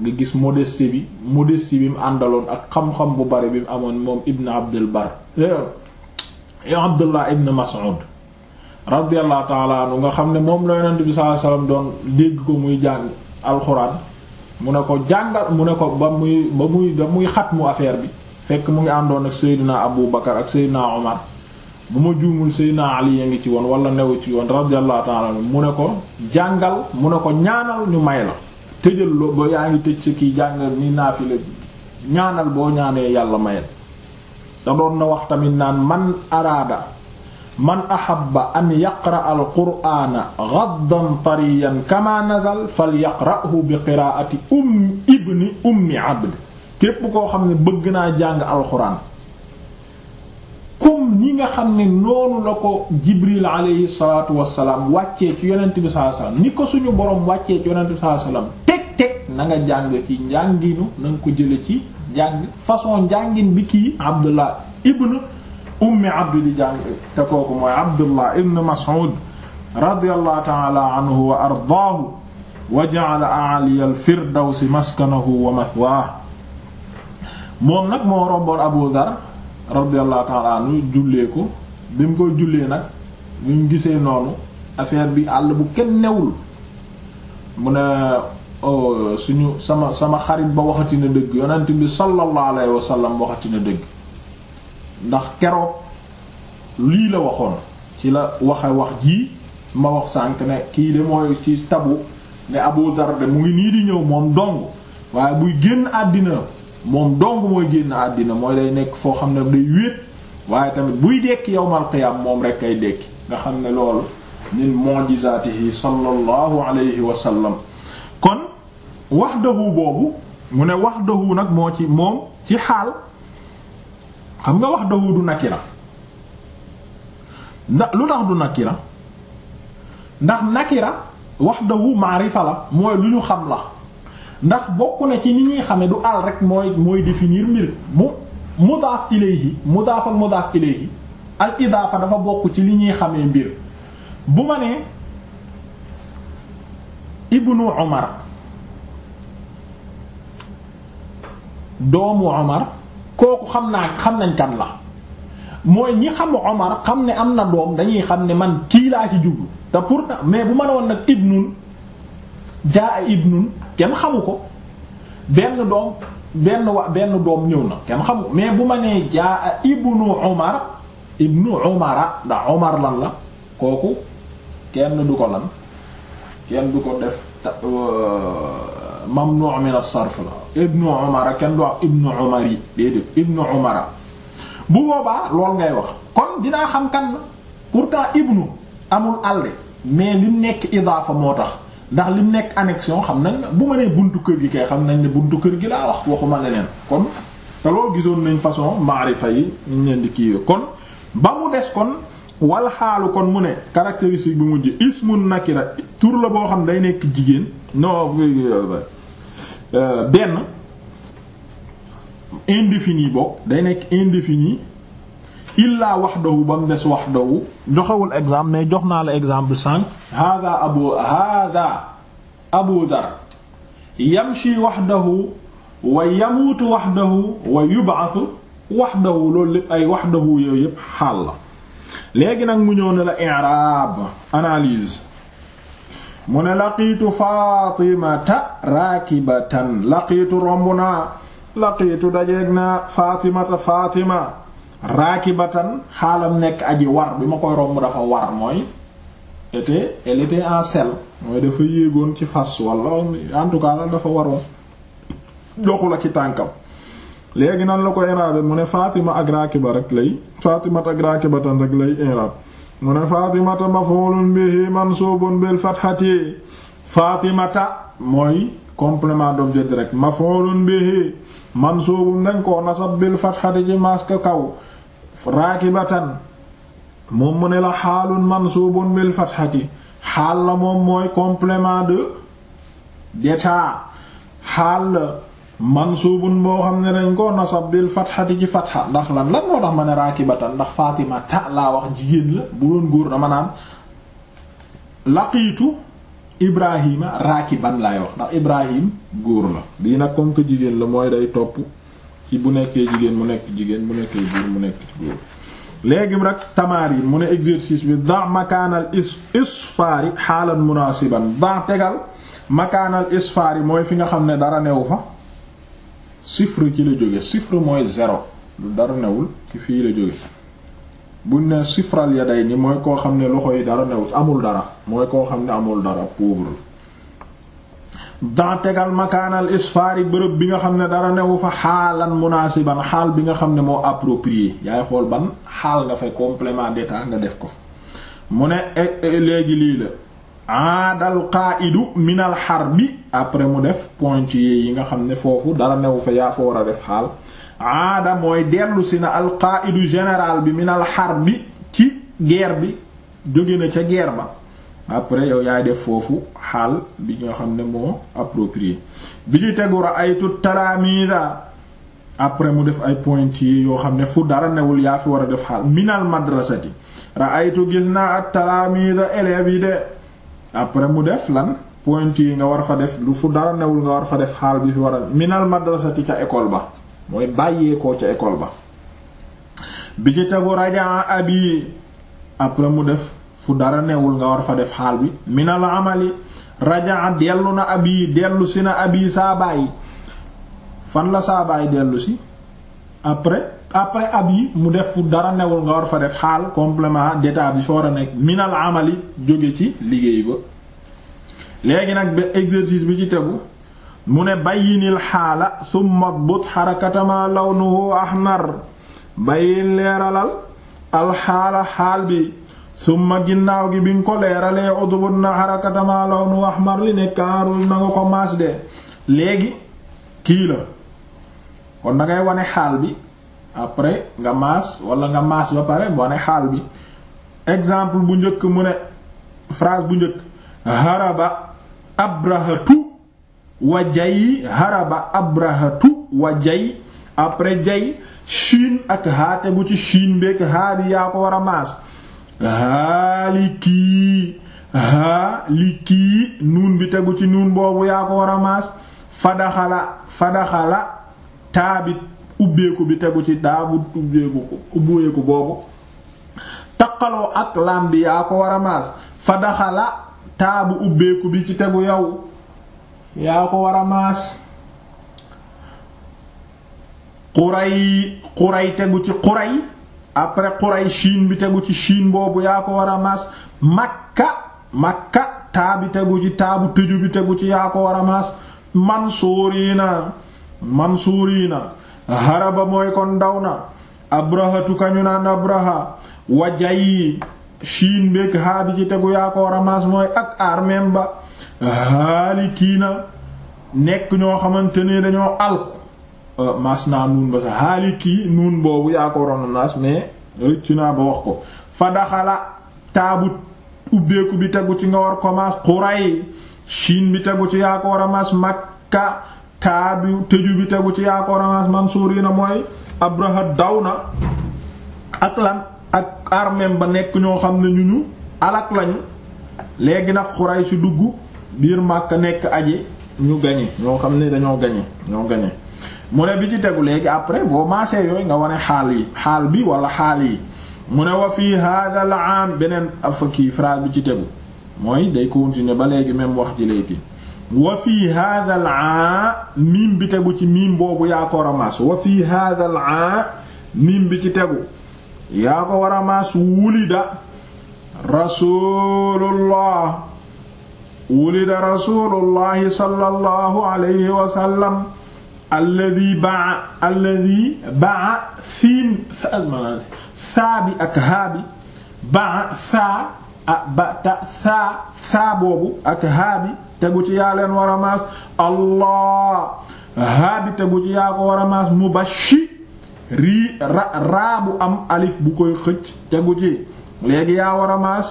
nga gis modestie bi modestie bi mu àndaloon ak xam-xam bu bari bi mu amoon moom ibn abdul bar eh, abdullah ibn mas'ud radiyallahu taala anu nga xam ne moom la yonent bi sallallahu alayhi wasallam doon dégg ko muy jàng alxuraan mu ne ko jàngal mu ne ko ba muy ba muy ba muy xat mu affaire bi fekk mu ngi àndoon ak seydina abu bakar ak seydina omar bu ma juumul Seydina Ali ya ngi ci woon wala newu ci woon radiyallahu ta'ala mu ne ko jàngal mu ne ko ñaanal ñu may la tëjal loo ba yaa ngi tëj sa kii jàngal ni naafila ñaanal boo ñaanee yàlla mayal da doon na wax tamit naan man araada man ahabba an yaqra al qur'ana ghaddan tariyan kama nazal falyaqrahu bi qiraati um ibni ummi abd képp koo xam ne bëgg naa jàng alxuraan comme ñi nga xam ne noonu la ko Jibril aleyhi wàccee ci yonent bi sallallahu alayhi wasallam ni ko suñu borom wàccee ci yonent bi sallallahu alayhi teg teg na jàng ci njànginu na ko jële ci jàng façon njàngin bi kii Abdullah ibn ummi abdu te kooku mooy Abdullah ibn Mas'ud wa ardaahu moom nag moo romboon Abu Dhar radiyallahu ta'ala anhu jullee ko bi mu koy jullee nag bi mu gisee noonu affaire bi àll bu kenn newul mu ne oh, suñu sama sama xarit ba waxati dëgg yonent bi sallallahu alayhi wa na dëgg ndax keroog lii la waxoon ci la waxe wax jii ma wax sànq ne kii de mooy ci tabu ne Abu Dar de mu ngi nii di ñëw moom dong waaye buy génn àddina moom dong mooy génn àddina mooy day nekk foo xam ne day wéet waaye tamit buy dekki yawmal qiyaam moom rek ay dekki nga xam ne loolu min mu'jizaatihi sallallahu alayhi wa sallam kon wahdahu boobu mu ne wax wahdahu nag moo ci moom ci xaal xam nga wax wahdahu du nakira ndax lu tax du nakira ndax nakira wahdahu maarifa la mooy lu ñu xam la ndax bokk na ci ni ñuy xame du al rek mooy mooy définir mbir mu mudaaf ilayhi mudaaf ak mudaaf ilayhi al idaafa dafa bokk ci li ñuy xamee mbir bu ma nee ibnu Umar doomu Umar kooku xam naa xam nañ kan la mooy ñi xam Omar xam ne am na doom dañuy xam ne man kii laa ci jublu te pourtant mais bu ma ne woon nag ibnun kenn xamu ko benn doom benn wa benn doom ñëw na kenn xamu mais bu ma nee jaa ibnu Umar ibnu Umara ndax Umar lan la kooku kenn du ko lan kenn du ko def euh, mamnu' min as-sarf la ibnu Umara kenn du wax ibnu Umar Umara bu boobaa lool ngay wax kon dinaa xam kan la pourtant ibnu amul àll mais li nekk idaafa moo tax ndax lim nekk annexion xam nañ bu ma nee buntu kër gi kay xam nañ ne buntu kër gi laa wax waxuma leneen kon te loolu gisoon nañu façon maarifa yi ñu leen di kiiwe kon ba mu des kon wal xaalu kon mu ne caractéristique bi mujj ismun nakira tur la boo xam day nekk jigéen no euh, benn indéfini bokk day nekk indéfini illaa wahdahu ba mu des wahdahu joxewul exemple mais jox naa la exemple sànq hada abu hada abu dhar yamshi wahdahu wa yamuutu wahdahu wa yub'athu wahdahu loolu lépp ay wahdahu yooyu yépp xaal la léegi nag mu ñëw ne la i'rab analyse mu ne laqiitu faatimata raakibatan laqiitu romb naa laqiitu faatimata faatima raakibatan xaalam nekk aji war bi ma koy romb dafa war mooy était elle était en mooy dafa yéegoon ci fas wala en tout cas dafa waroon joxu ci tànkam léegi nan la ko iraabe mu ne Fatima ak raakiba rek lay Fatima ak raakibatan rek lay iraab mu ne Fatimata maf'ulun bihi mansubun bil fathati Fatimata mooy complément d'objet direct maf'ulun bihi mansubun dañ ko nasab bil fathati ci maska kaw raakibatan moom mu ne la xaalun mansuubun bil fatxati xaal la moom mooy complément de d'état xaal la mansuubun boo xam ne dañ ko nasab bil fatxati ci fatxa ndax lan lan moo tax ma ne raakibatan ndax Fatima ta laa wax jigéen la bu doon góor dama naan laqiitu Ibrahima raakiban lay wax ndax Ibrahim góor la lii nag comme que jigéen la mooy day topp bu nekkee jigéen mu nekk jigéen bu nekkee góor mu nekk ci góor léegi nag tamarin mu ne exercice bi da makaanal is isfaari xaalan munaasiban da tegal makaanal isfaari mooy fi nga xam ne dara newu fa chiffre ci la jóge chiffre mooy zéro lu dara newul ci fii la jóge buñ ne sifral ya day ni mooy koo xam ne loxo yi dara newul amul dara mooy koo xam ne amul dara pauvre dan tegal makaanal yi bërëb bi nga xam ne dara newu fa xaalan munaasiban xaal bi nga xam ne moo approprié yaay xool ban xaal nga fay complément d'état nga def ko mu ne eh, eh, léegi lii la aadal qaaidu minal xar bi après mu def pointillés yi nga xam ne foofu dara newu fa yaa fa war a def xaal aada mooy dellu si na al qaaidu général bi minal bi ci guerre bi jóge na ca guerre ba après yow yaay def foofu xaal bi nga xam ne moo approprié bi ñu tegu ra'aytu talamida après mu def ay pointillés yoo xam ne fu dara newul yaa fi war a def xaal minal madrasati ra'aytu gis naa at talamida élèves yi de après mu def lan pointillés nga war fa def lu fu dara newul nga war fa def xaal bi fi war a minal madrasati ca école ba mooy bàyyeekoo ca école ba bi ci tegu après mu def fu dara newul nga war fa def xaal bi minal amali rajaa dellu na abi dellu si na abi saa bàyyi fan la saa dellusi dellu si après après abi mu def fu dara newul nga war fa def xaal complément d'état bi soor a nekk minal amali jóge ci liggéey ba léegi nag exercice bi ci tegu mu ne bayyinil xaala summa but xarakatama lawnuhu ahmar bayyin leeralal alxaala xaal bi summa ginnaaw gi bi nga ko leeralee udbun na xarakata ma lawnu ahmar li ne kaarul na nga ko maas de léegi kii la kon da ngay wane xaal bi après nga maas wala nga maas ba pare wane xaal bi exemple bu njëkk mu ne phrase bu njëkk haraba abrahatu wa jay haraba abrahatu wa jay après jay shiin ak haate gu ci shiin beeg haadi yaa ko war a maas haalikii haalikii nuun bi tegu ci nuun boobu yaa ko war a maas fadaxala fadaxala taabit ubbeeku bi tegu ci daabu ubbeeku ubbeeku boobu taqaloo ak lam bi yaa ko war a maas fadaxala taabu ubbeeku bi ci tegu yow yaa ko war a maas xuray xuray tegu ci xuray après Quraysh Chine bi tegu ci Chine boobu yaa ko war a maas Makka Makka taa bi tegu ci taabu tëju bi tegu ci yaa ko war a maas Mansuurina Mansuurina haraba mooy kon daw na abrahatu kañu naan abraha wajayi Chine beeg haa bi ci tegu yaa ko war a maas mooy ak armem ba kii na nekk ñoo xamante ne dañoo alku Euh, mas naa nuun ba sax haaliki nuun boobu yaa ko waroon na naas mais rëccu naa ba wax ko fa taabu ubbeeku bi tegu ci nga war ko maas xuray shin bi tegu ci yaa ko war a maas makka taabu tëju mooy abraha daw na ak lan ak armem ba nekk ñoo xam ne ñu ñu alak lañu léegi nag xuray ci dugg biir makka nekk aji ñu gañe ñoo xam ne dañoo gañe ñoo gañe mu ne bi ci tegu léegi après boo maasee yooyu nga wane xaal yi xaal bi wala xaal yi mu ne wa fii hada al beneen afakii phrase bi ci tegu mooy day continuer ba léegi même wax ji léegi wa fii hada al am bi tegu ci miin boobu yaako ko war wa fii hada al am bi ci tegu yaa ko war a maas wulida rasulullah wulida rasulullahi sallallahu alayhi wa alladi baa bi ak haa bi baa saa ah ba ta ak haa bi tegu ci war a maas allah haa bi tegu ci yaa ko war maas mubashi rii ra raa bu am alif bu koy xëcc tegu ci léegi yaa war a maas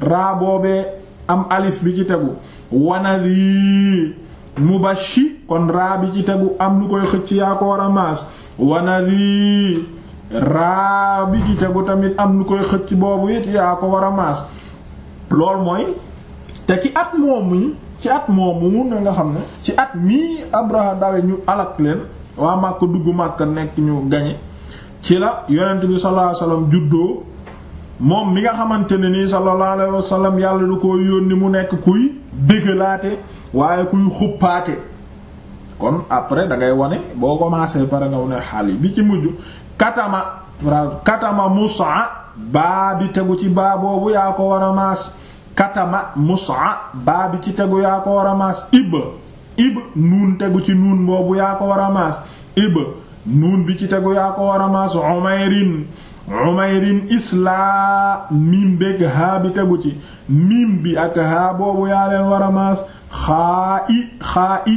raa boobee am alif bi ci tegu wanadi mubashi kon raa bi ci tegu am nu koy xëcc yaa ko war a maas wanadi raa bi ci tegu tamit am nu koy xëcc boobu it yaa ko war a maas loolu mooy te ci at moomu ci at moomu mun na nga xam ne ci at mii Abraha dawe ñu alak leen waa màkk dugg màkk nekk ñu gañe ci la yonent bi sallallahu alayhi juddoo moom mi nga xamante ne nii sallallahu alayhi wasallam yàlla du ko yónni mu nekk kuy déggalaate waaye kuy xuppaate kon après da ngay wane boo commencé pare nga wane xaal yi bi ci mujj katama katama musa baa bi tegu ci baa boobu yaa ko war a maas katama musa baa bi ci tegu yaa ko war a ib ib nuun tegu ci nuun boobu yaa ko war a maas ib nuun bi ci tegu yaa ko war a maas islaa miim beeg haa bi tegu ci miim bi ak haa boobu yaa leen war xaa i xaa i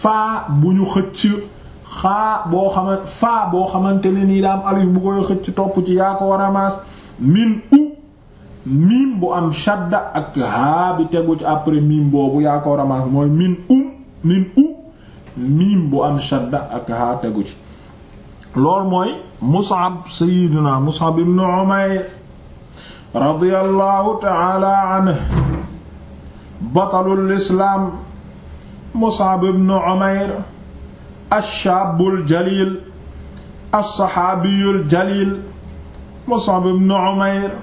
faa bu ñu xëcc xaa boo xamante faa nii daa am alif bu koy xëcc topp ci yaako ko war a maas u miim bu am shadda ak haa bi tegu ci après miim boobu yaa ko a maas mooy min u miim bu am shadda ak haa tegu ci loolu mooy Mus'ab sayyidina Mus'ab ibn Umayr radiyallahu ta'ala anhu batalul islaam Mus'ab ibn Umayr ash-shaabul jalil as-saxaabiyul jalil Mus'ab ibn Umayr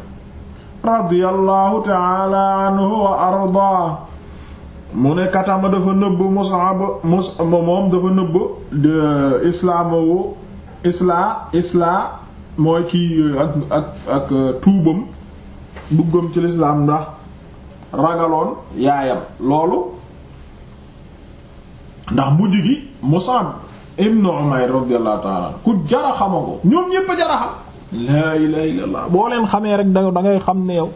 radiyallahu ta'ala anhu wa ardaa mu ne Katama dafa nëbb Mus'ab moom dafa nëbb islaamu islaa islaa mooy kii ak ak ak tuubam duggam ci lislaam ndax ragaloon yaayam loolu ndax mujj gi Musab ibn Umayr radiyallahu ta'ala ku jara xama ko ñoom ñépp a jara laa ilaha illallah boo leen xamee rek da ngay xam ne yow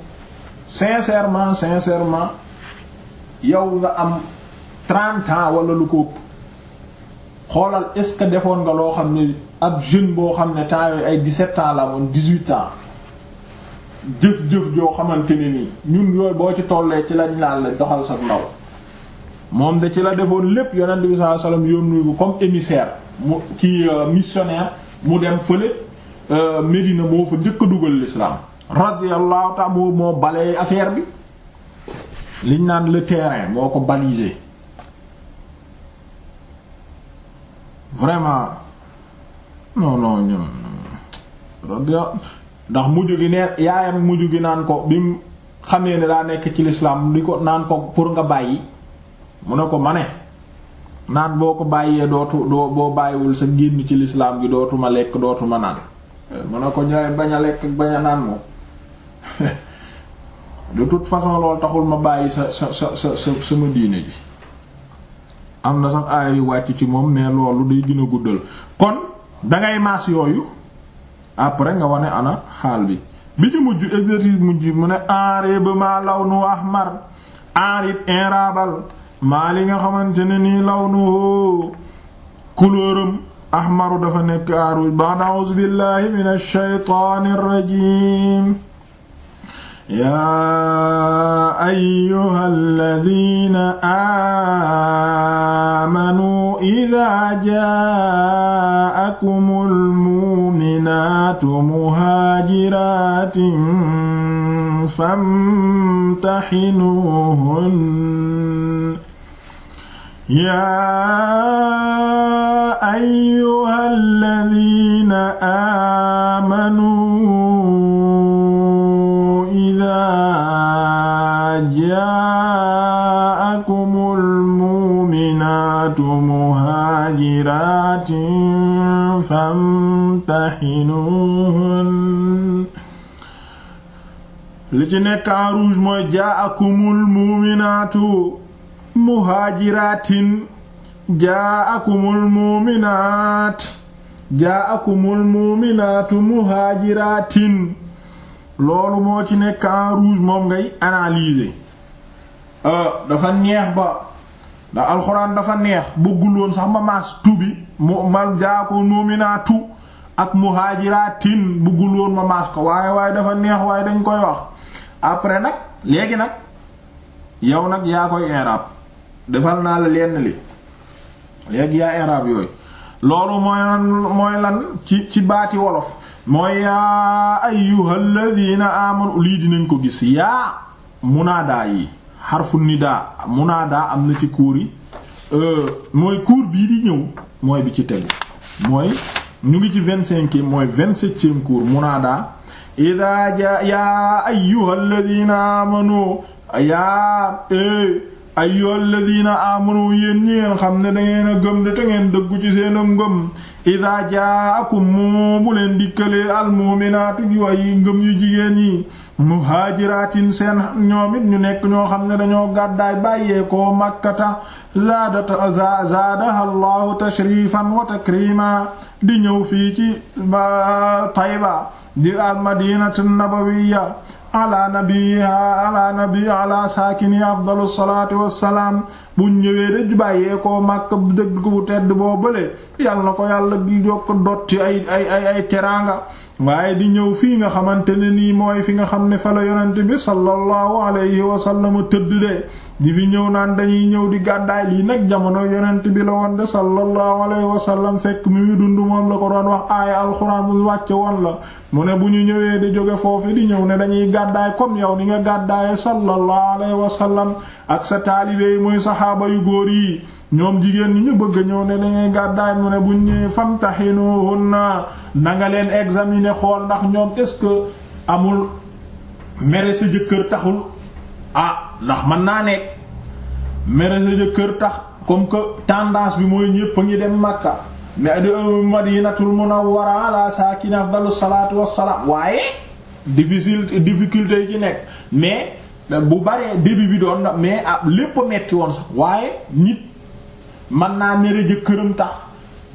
sincèrement sincèrement yow nga am trente ans wala lu ko xoolal est ce que defoon nga loo xam ne ab jeune boo xam ne temps yooyu ay dix-sept ans la woon dix-huit jëf-jëf joo xamante ne nii ñun yooyu boo ci tollee ci lañ laa la doxal sa ndaw moom de ci la defoon lépp yonent bi sallallahu alayhi wasallam yónni ko comme émissaire mu ci euh, missionnaire mu dem fële euh, Médina moo fa njëkk a dugal l'islam radiyallahu ta'ala moo balee affaire bi liñ naan le terrain moo ko balisé vraiment non non ñun ndax mujj gi nee yaayam mujj gi naan ko bi mu xamee ne daa nekk ci lislaam di ko naan ko pour nga bàyyi mu ne ko ma ne naan boo ko bàyyee dootu doo boo bàyyiwul sa génn ci lislaam gi dootuma lekk dootuma naan mu ne ko ñooy bañ a lekk bañ a naan moom de toute façon loolu taxul ma bàyyi sa sa sa sa sama diine ji am na sax aaya yu wàcc ci moom mais loolu day gën a guddal kon dangay maas yooyu après nga wane ana xaal bi bi ci mujj exercice mujj mu ne enrib maa law nu ahmar enrib inraabal maa li nga xamante ne nii law nu couleuram ahmaru dafa nekk aaru ba'da a'uuzu billahi minash shaytaanir rajiim yaa ayyuhal ladiina aamanuu idaa jaa'akumul mu'minaatu muhaajiraatin famtaxinuuhun yaa ayyuhal ladiina aamanuu idaa jaa mu'minaatu muhaajiraatin famtahinuhun li ci nekk en rouge mooy jaa'akumul mu'minaatu muhaajiraatin jaa'akumul muhaajiraatin loolu moo ci nekk en rouge moom ngay analyser euh, dafa neex ba ndax alxuraan dafa neex bëgguloon sax ma maas tu bi mu ma jaa ko noominaatu ak muhaajiraatin bëgguloon ma maas ko waaye waaye dafa neex waaye dañ koy wax après nag léegi nag yow nag yaa koy i'raab defal naa la lenn li léegi yaa i'raab yooyu loolu mooy lan mooy lan ci ci baati wolof mooy yaa ayyuhal na amanu lii dinañ ko gis yaa munaadaa yi xarfu nidaa munaadaa am na ci cours yi euh, mooy cours bii di ñëw mooy bi ci tegu mooy ñu ngi ci vingt yi mooy vingt-septième cours munaadaa idaa ja yaa ayyuhal ladina amanu yaa eh, ayyuhal ladina amanu yéen ñi ngeen xam ne dangeen gëm de ngeen dëggu ci seen am ngëm idaa jaakum bu leen dikkalee al mu'minaatu way ngëm yu jigéen yi muhaajiraatin seen ñoom it ñu nekk ñoo xam ne dañoo gàddaay bàyyeekoo makkata zaadaha allahu tashrifan wa di ñëw fii ci tayba di al madinatu nabawiyya ala nabiha ala nabi ala salaatu wassalaam bu ñëwee de bàyyeekoo màkk dëgg tedd boo bële yàlla na ko yàlla yokk dotti ay teraanga waaye di ñëw fii nga xamante ne nii mooy fi nga xam ne fa la yonent bi sallallahu alayhi wa sallam tëdd de di fi ñëw naan dañuy ñëw di gàddaay lii nag jamono yonent bi la woon de sallallahu alayhi wa sallam fekk mi dund moom la ko doon wax aaya alxuraan mu wàcce woon la mu ne bu ñu ñëwee di jóge foofu di ñëw ne dañuy gàddaay comme yow ni nga gàddaaye sallallahu alayhi wa sallam ak sa taalibe yi muy saxaaba yu góor yi ñoom jigéen ñi ñu bëgg ñëw ne dañuy gàddaay mu ne buñ ñëwee famtahinuhunna na nga leen examiner xool ndax ñoom est-ce que amul mere sa jëkkër taxul ah ndax man naa ne mere sa jëkkër tax comme que tendance bi mooy ñépp a ngi dem Makka mais di euh, a Munawwara ala saakini afdalu salaatu wassalaam waaye difficile difficulté yi ci nekk mais bu baree début bi doon na mais ah lépp metti woon sax waaye nit man naa mere jëkkëram tax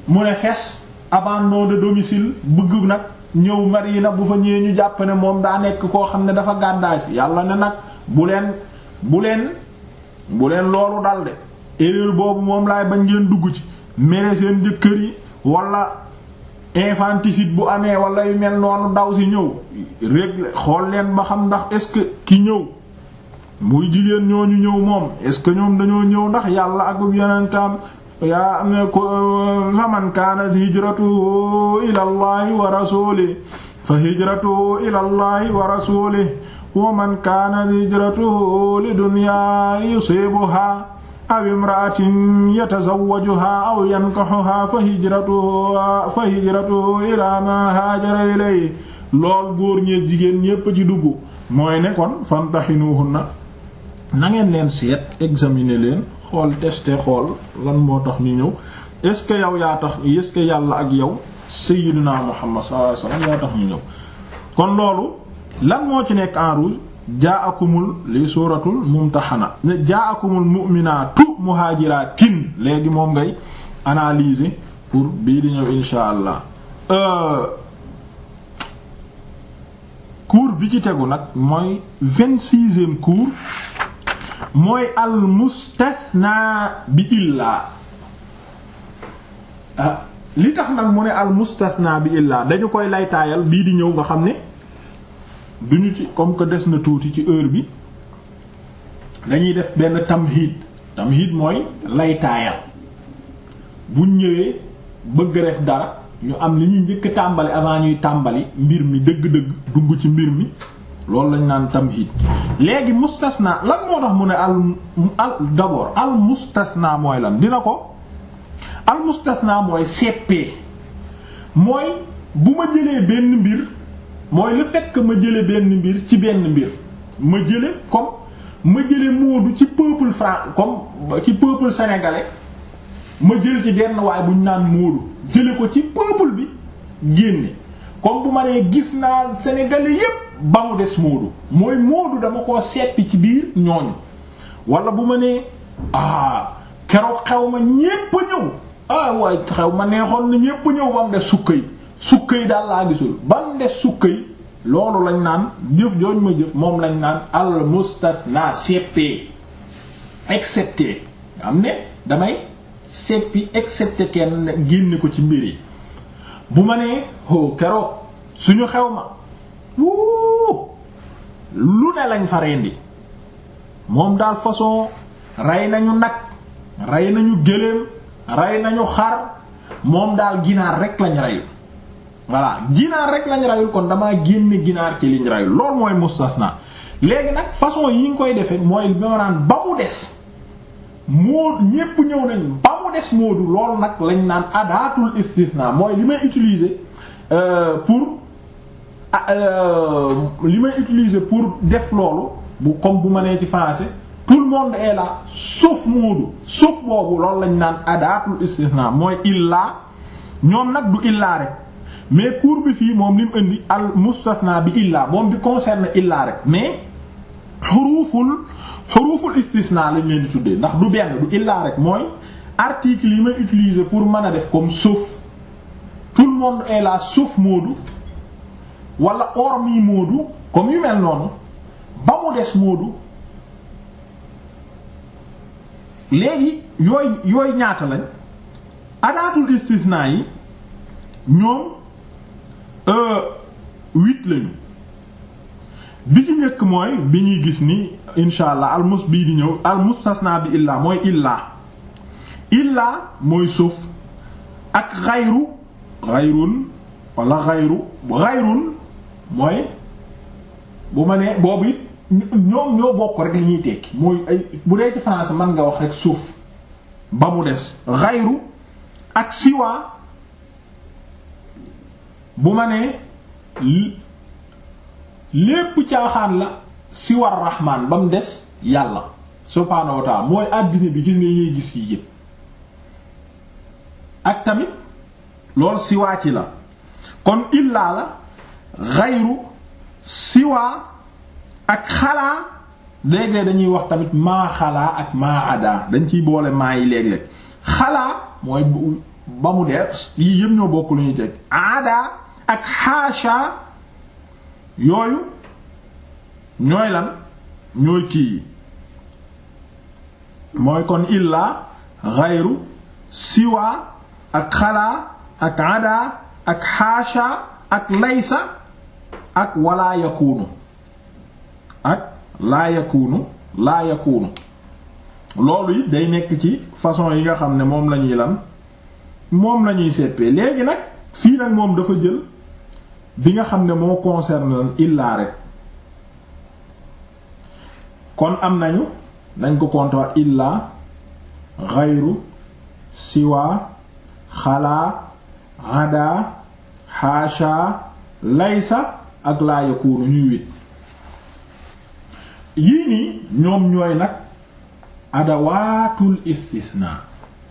mu ne xes abandon de domicile bëgg nag ñëw marina bu fa ñëwee ñu jàpp ne moom daa nekk koo xam ne dafa gàddaay si yàlla ne nag bu leen bu leen bu leen loolu dal de boobu moom laay bañ ngeen dugg ci mere seen jëkkër yi wala infanticide bu amee wala yu mel noonu daw si ñëw régler xool leen ba xam ndax est-ce que ki ñëw muy jigéen ñooñu ñëw moom est-ce que ñoom dañoo ñëw ndax yàlla ak yonentam yaa am ne ko faman kaanat hijratuhu ila allahi wa rasuli fa hijratuhu ila allahi wa rasuli wa man kaanat hijratuhu li dunya aw imraatin yatazawwajuha fa hijratuhu fa hijratuhu ila lool góor ñee jigéen ñépp ci dugg mooy ne kon fantahinuhunna na ngeen leen seet examiner leen xool tester xool lan moo tax ñu ñëw est-ce que yow yaa tax est yàlla ak yow sayyidina Muhammad sallallahu alayhi wasallam yaa tax ñu ñëw kon loolu lan moo ci nekk en rouge jaakumul li suuratul mumtahana jaakumul mu'minaatu muhaajiraatin léegi moom ngay analyser pour bii di ñëw insha allah euh, cours bi ci tegu nag mooy vingt-sixième cours mooy al mustathna bi illaa ah, li tax nag mu ne al mustathna bi illaa dañu koy laytaayal bii di ñëw nga xam ne duñu ci comme que des na tuuti ci heure bi dañuy def benn tamhid tamhid mooy laytaayal bu ñëwee bëgg ref dara ñu am li ñuy njëkk tàmbali avant ñuy tàmbali mbir mi dëgg-dëgg dugg ci mbir mi loolu lañ naan tamhid léegi mustasna lan moo tax mu ne al al d'abord al mustasna mooy lan dina ko al mustasna mooy seppee mooy bu ma jëlee benn mbir mooy le fait ma jële benn mbir ci benn mbir ma jële comme ma jële moodu ci peuple franc comme ci peuple sénégalais ma jël ci benn waay bu ñu naan moodu jële ko ci peuple bi génne comme bu ma nee gis naa sénégalais yépp ba mu des Moodu mooy Moodu dama koo seppi ci biir ñooñu wala bu ma nee ah keroog xew ma ñépp ñëw ah waaye xew ma neexoon na ñépp ñëw ba mu des sukka yi sukka yi daal laa gisul ba mu des sukka loolu lañ naan jëf jooñ ma jëf moom lañ naan al mustasna seppee excepté am ne damay seppi excepté kenn génne ko ci mbir yi bu ma nee oh keroog suñu xew ma. lu ne lañ fa rendi moom daal façon rey nañu nag rey nañu gëléem rey nañu xar moom daal ginaar rek lañ reyul voilà ginaar rek lañu reyul kon damaa génne ginaar ci liñ reyul loolu mooy mustasna léegi nag façon yiñ koy defee mooy maanaam ba mu des moo ñépp ñëw nañ ba mu des moodu loolu nag lañ naan adaatul istisna mooy li may utiliser euh, pour Ah, euh, li may utiliser pour def loolu bu comme bu ma nee ci français tout le monde est là sauf Moodu sauf boobu loolu lañ naan adaatul istisna mooy illaa ñoom nag du illaa rek mais pour bi fii moom li mu indi al mustasna bi illaa moom bi concerne illaa rek mais xuruuful xuruuful istisna lañ leen di tuddee ndax du benn du illaa rek mooy article yi may utiliser pour mën a def comme suuf tout le monde est là sauf Moodu wala or mii moodu comme yu mel noonu ba mu des moodu léegi yooy yooy ñaata lañ adaatul istisna yi ñoom euh, huit lañu bi ci njëkk mooy bi ñuy gis ni insha allah almus bii di ñëw almustasna bi illaa mooy illaa illaa mooy suuf ak xayru xayrun wala xayru xayrun mooy bu ma nee boobu it ñoom ñoo bokk rek li ñuy tekki mooy ay bu dee ci français mën nga wax rek suuf ba mu des xayru ak siwaa bu ma nee lépp caaxaan la siwar rahmaan ba mu des yàlla subhaanahu wa mooy àddina bi gis nga yee gis yi yépp ak tamit loolu siwaa ci la kon illaa la xayru siwaa ak xalaa léeg dañuy wax tamit maa xalaa ak maa ada dañ ciy boole maa yi léeg-léeg xalaa mooy ba mu dees yii yëpp ñoo bokk lu ñuy teg ada ak xaasha yooyu ñooy lan ñooy kii mooy kon illaa xayru siwaa ak xalaa ak ada ak xaasha ak laysa ak walaa yakuunu ak laa yakuunu laa yakuunu loolu it day nekk ci façon yi nga xam ne moom lañuy lan moom lañuy seppee léegi nag fii nag moom dafa jël bi nga xam ne moo concerne lan illaa rek kon am nañu nañ ko kontoor illa xayru siwaa xalaa adaa xaasha laysa ak laa yakuunu ñuy wit yii nii ñoom ñooy nag adawaatul istisna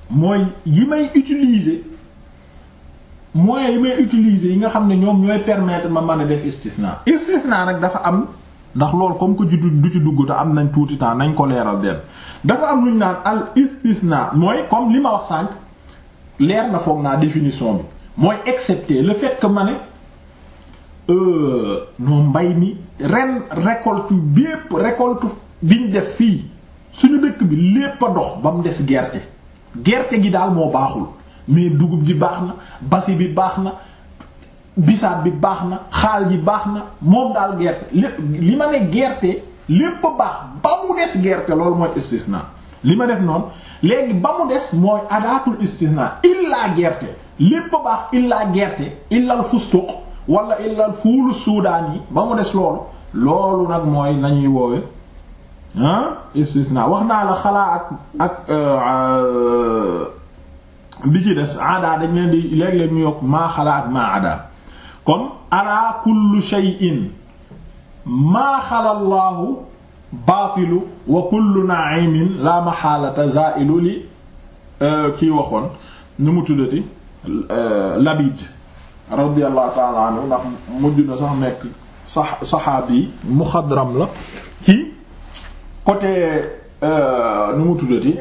mooy yi may utiliser moyens yi may utiliser yi nga xam ne ñoom ñooy permettre ma mën a def istisna istisna nag dafa am ndax loolu comme que du ci dugg am nañ tuuti temps nañ ko leeral benn dafa am lu ñu naan al istisna mooy comme li ma wax sànq leer na foog naa définition bi mooy excepté la fekk que ma ne Euh, non mbay mi ren récolte bépp récolte biñ def fii suñu dëkk bi lépp a dox ba mu des gerte gerte gi daal moo baaxul mais dugub gi baax na basi bi baax na bisaab bi baax na xaal ji baax na moom daal gerte lépp li ma ne gerte lépp a baax ba mu des gerte loolu mooy istisna li ma def noonu léegi ba mu des mooy adaatul istisna illaa gerte lépp a baax illaa gerte illal fustuq wala illal fuulu suudaan yi ba mu des loolu loolu nag mooy nañuy woowe ah istisna wax naa la xalaa ak ak euh, bi ci des ada dañ leen di léeg-léeg ñu yokk maa xalaa ak maa ada comme ala kullu shay'in maa xalallaahu baatilu wa kullu na'imin la maxaalata za'ilu li euh, kii waxoon nu mu tuddati euh, labid radiyallahu taala anhu ndax mujj na sax nekk sax saxaabi muxadram la ci côté euh, nu mu tuddati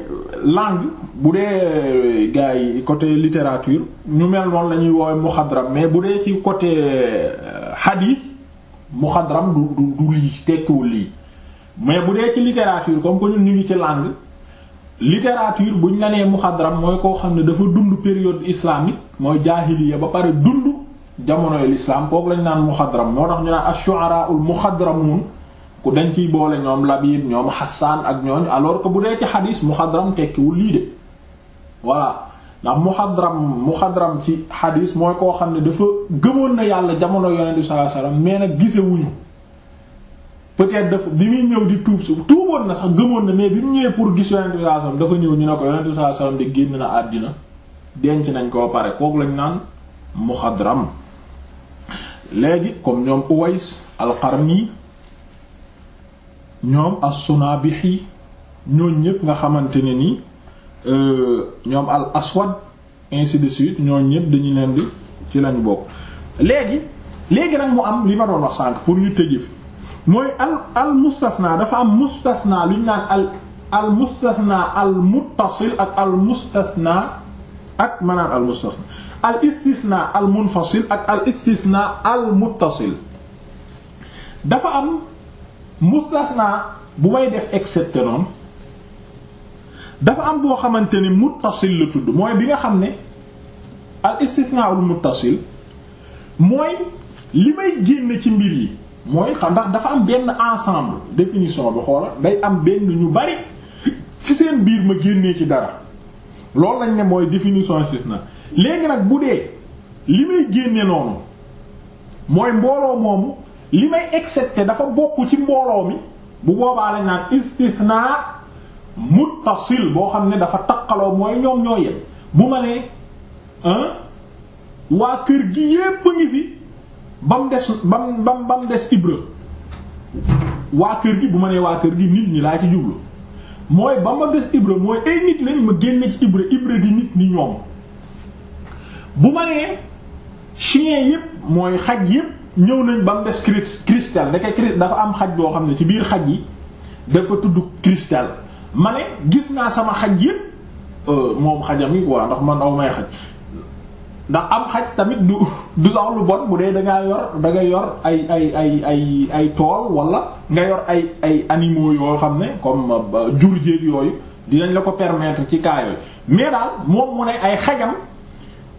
langue bu dee gars yi côté littérature ñu mel noonu la ñuy woowee muxadram mais bu dee ci côté euh, hadith muxadram du du du lii tekkiwul lii mais bu dee ci littérature comme que ñun ñu ngi ci langue. littérature ñu la nee muxadram mooy koo xam ne dafa dund période islamique mooy jaahiliya ba pare dund jamonoy l'islam kooku lañ naan muxadram moo tax ñu naan ash-shu'ara al muxadramun ku dañ ciy boole ñoom Labid ñoom Hassan ak ñooñu alors que bu dee ci xadis muxadram tekkiwul lii de voilà ndax muxadram muxadram ci xadis mooy koo xam ne dafa gëmoon na yàlla jamono yonent bi sallallahu alayhi mais nag gisewuñu peut-être dafa bi muy ñëw di tuub su tuuboon na sax gëmoon na mais bi mu ñëwee pour gis yonent bi sallallahu dafa ñëw ñu ne ko yonent bi sallallahu di wasallam génn na àddina denc nañ ko pare kooku lañ naan muxadram léegi comme ñoom Uways al-Qarni ñoom as-Sunabihi ñooñ ñëpp nga xamante ne ni euh, ñoom al aswad ainsi de suite ñooñ ñëpp dañu leen di ci lañ bokk léegi léegi nag mu am li ma doon wax sànq pour ñu tëjëf mooy al al mustasna dafa am mustasna lu ñu naan al al mustasna ak al ak maanaam al mustasna al istisna ak al istisna al muttasil dafa am mustasna bu may def excepté noonu dafa am boo xamante ni muttasil la tudd mooy bi nga xam ne al istisna al muttasil mooy li may génn ci mbir yi mooy xam ndax dafa am benn ensemble définition bi xoola day am benn ñu bari ci seen biir ma génnee ci dara loolu nañ ne mooy définition istisna léegi nag bu dee li may génne noonu mooy mbooloo moomu li may excepté dafa bokk ci mbooloo mi bu boobaa lañ naan istisna muttasil boo xam ne dafa taqaloo mooy ñoom ñoo yem bu ma nee waa kër gi yépp ngi fi ba mu des bam bam ba des Ibra waa kër gi bu ma nee waa kër gi nit ñi laa ci jublu mooy ba ma des Ibra mooy ay nit lañ ma génne ci Ibra Ibra di nit ñi ñoom bu ma nee chien yépp mooy xaj yépp ñëw nañ ba mu des cristal ndeke dafa am xaj boo xam ne ci biir xaj yi dafa tudd cristal ma ne gis naa sama xaj yépp euh, moom xajam yi quoi ndox man aw may xaj ndax am xaj tamit du du sax lu bon bu dee da ngaa yor da nga yor ay ay ay ay ay tool wala nga yor ay ay animaux yoo xam ne comme euh, jur jéeg yooyu dinañ la ko permettre ci cas mais daal moom mu ne ay xajam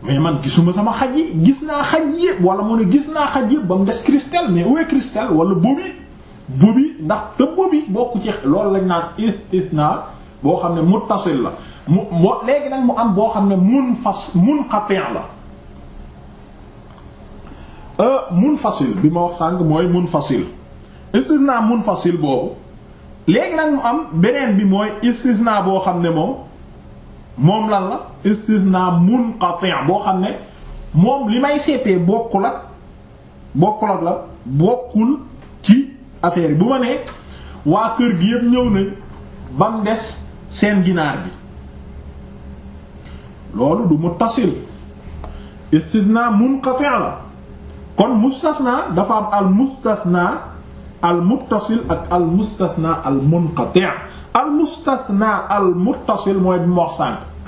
mais man gisuma sama xaj yi gis naa xaj yëpp wala mu ne gis naa xaj yi bam mu des cristal mais où est cristal wala bobi ndax te bobi bokku ci loolu lañ naan istithna boo xam ne muttasil la mu léegi nag mu am boo xam ne munfas munqati' la Euh, munfasil bi ma wax sànq mooy munfasil mun munfasil boobu léegi nag mu am beneen bi mooy istisna boo xam ne moom moom lan la istisna munqati' boo xam ne moom li may seetee bokkul ak la bokkul ci affaire yi bu ma nee waa kër gi yëpp ñëw nañ ba mu des seen ginaar gi loolu du muttasil istisna munqati' la kon mustasna dafa am al mustasna al muttasil ak al mustasna al munqati' al mustasna al muttasil mooy bi ma wax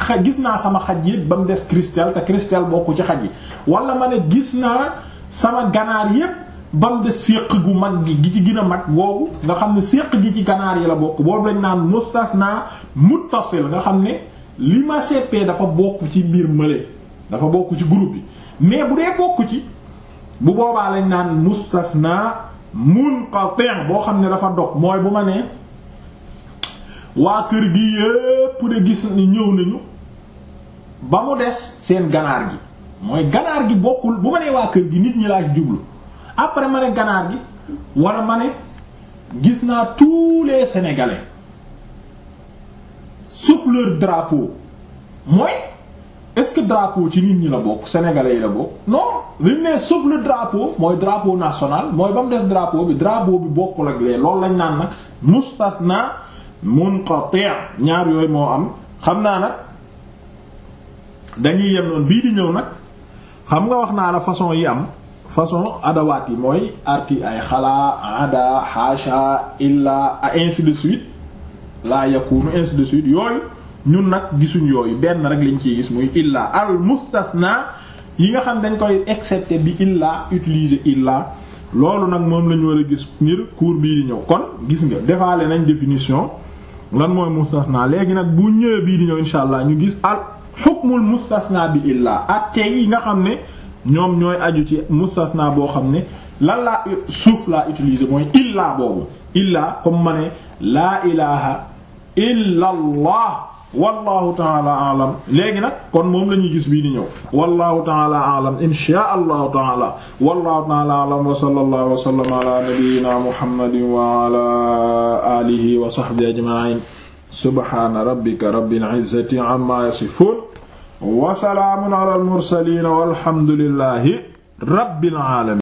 xa gis naa sama xaj yi ba mu des cristal te cristal bokku ci xaj yi wala ma ne gis naa sama ganaar yépp ba mu des séq gu mag gi gi ci gën a mag boobu nga xam ne séq gi ci ganaar yi la bokk boobu lañ naan mustasna muttasil nga xam ne li ma seppee dafa bokk ci mbir mële dafa bokk ci groupe yi mais bu dee bokk ci bu boobaa lañ naan kaw munqati' boo xam ne dafa dog mooy bu ma nee waa kër gi yépp de gis ñëw nañu ba mu des seen ganaar gi mooy ganaar gi bokkul bu ma nee waa kër gi nit ñi laa jublu après ma ne ganaar gi wala ma ne gis naa tous les sénégalais sauf leur drapeau mooy est-ce que drapeau ci nit ñi la bokk sénégalais yi la bokk non liñ ne sauf drapeau mooy drapeau national mooy ba mu des drapeau bi drapeau bi bokkul ak lee loolu lañ naan nag mustasna munqati' ñaar yooyu moo am xam naa nag dañuy yem noonu bii di ñëw nag xam nga wax naa la façon yi am façon adawaat yi mooy arti ay xalaa ada hasha illa ainsi de suite la yakunu ainsi de suite yooyu ñun nag gisuñ yooyu benn rek lañ ci gis muy illaa al mustasna yi nga xam dañ koy excepté bi illaa utiliser illah loolu nag moom lañu war a gis ngir cours bii di ñëw kon gis nga defaale nañ definition lan mooy mustasna léegi nag bu ñëwee bii di ñëw insha allah ñu gis al xukmul mustasna bi illah atte yi nga xam ne ñoom ñooy aju ci mustasna boo xam ne lan laa suuf laa utiliser mooy illaa boobu illah comme ma ne laa ilaha illa allah wallahu taala alam léegi nag kon moom la ñuy gis bii di ñëw wallahu taala alam inshaa allahu taala wallahu taala alam wa sallallahu wa sallama ala nabiyyina muhammadin wa ala alihi wa sahbihi ajma'in subhana rabbika rabbil izzati amma yasifun wa salaamun ala al mursalin walhamdulillahi rabbil alamin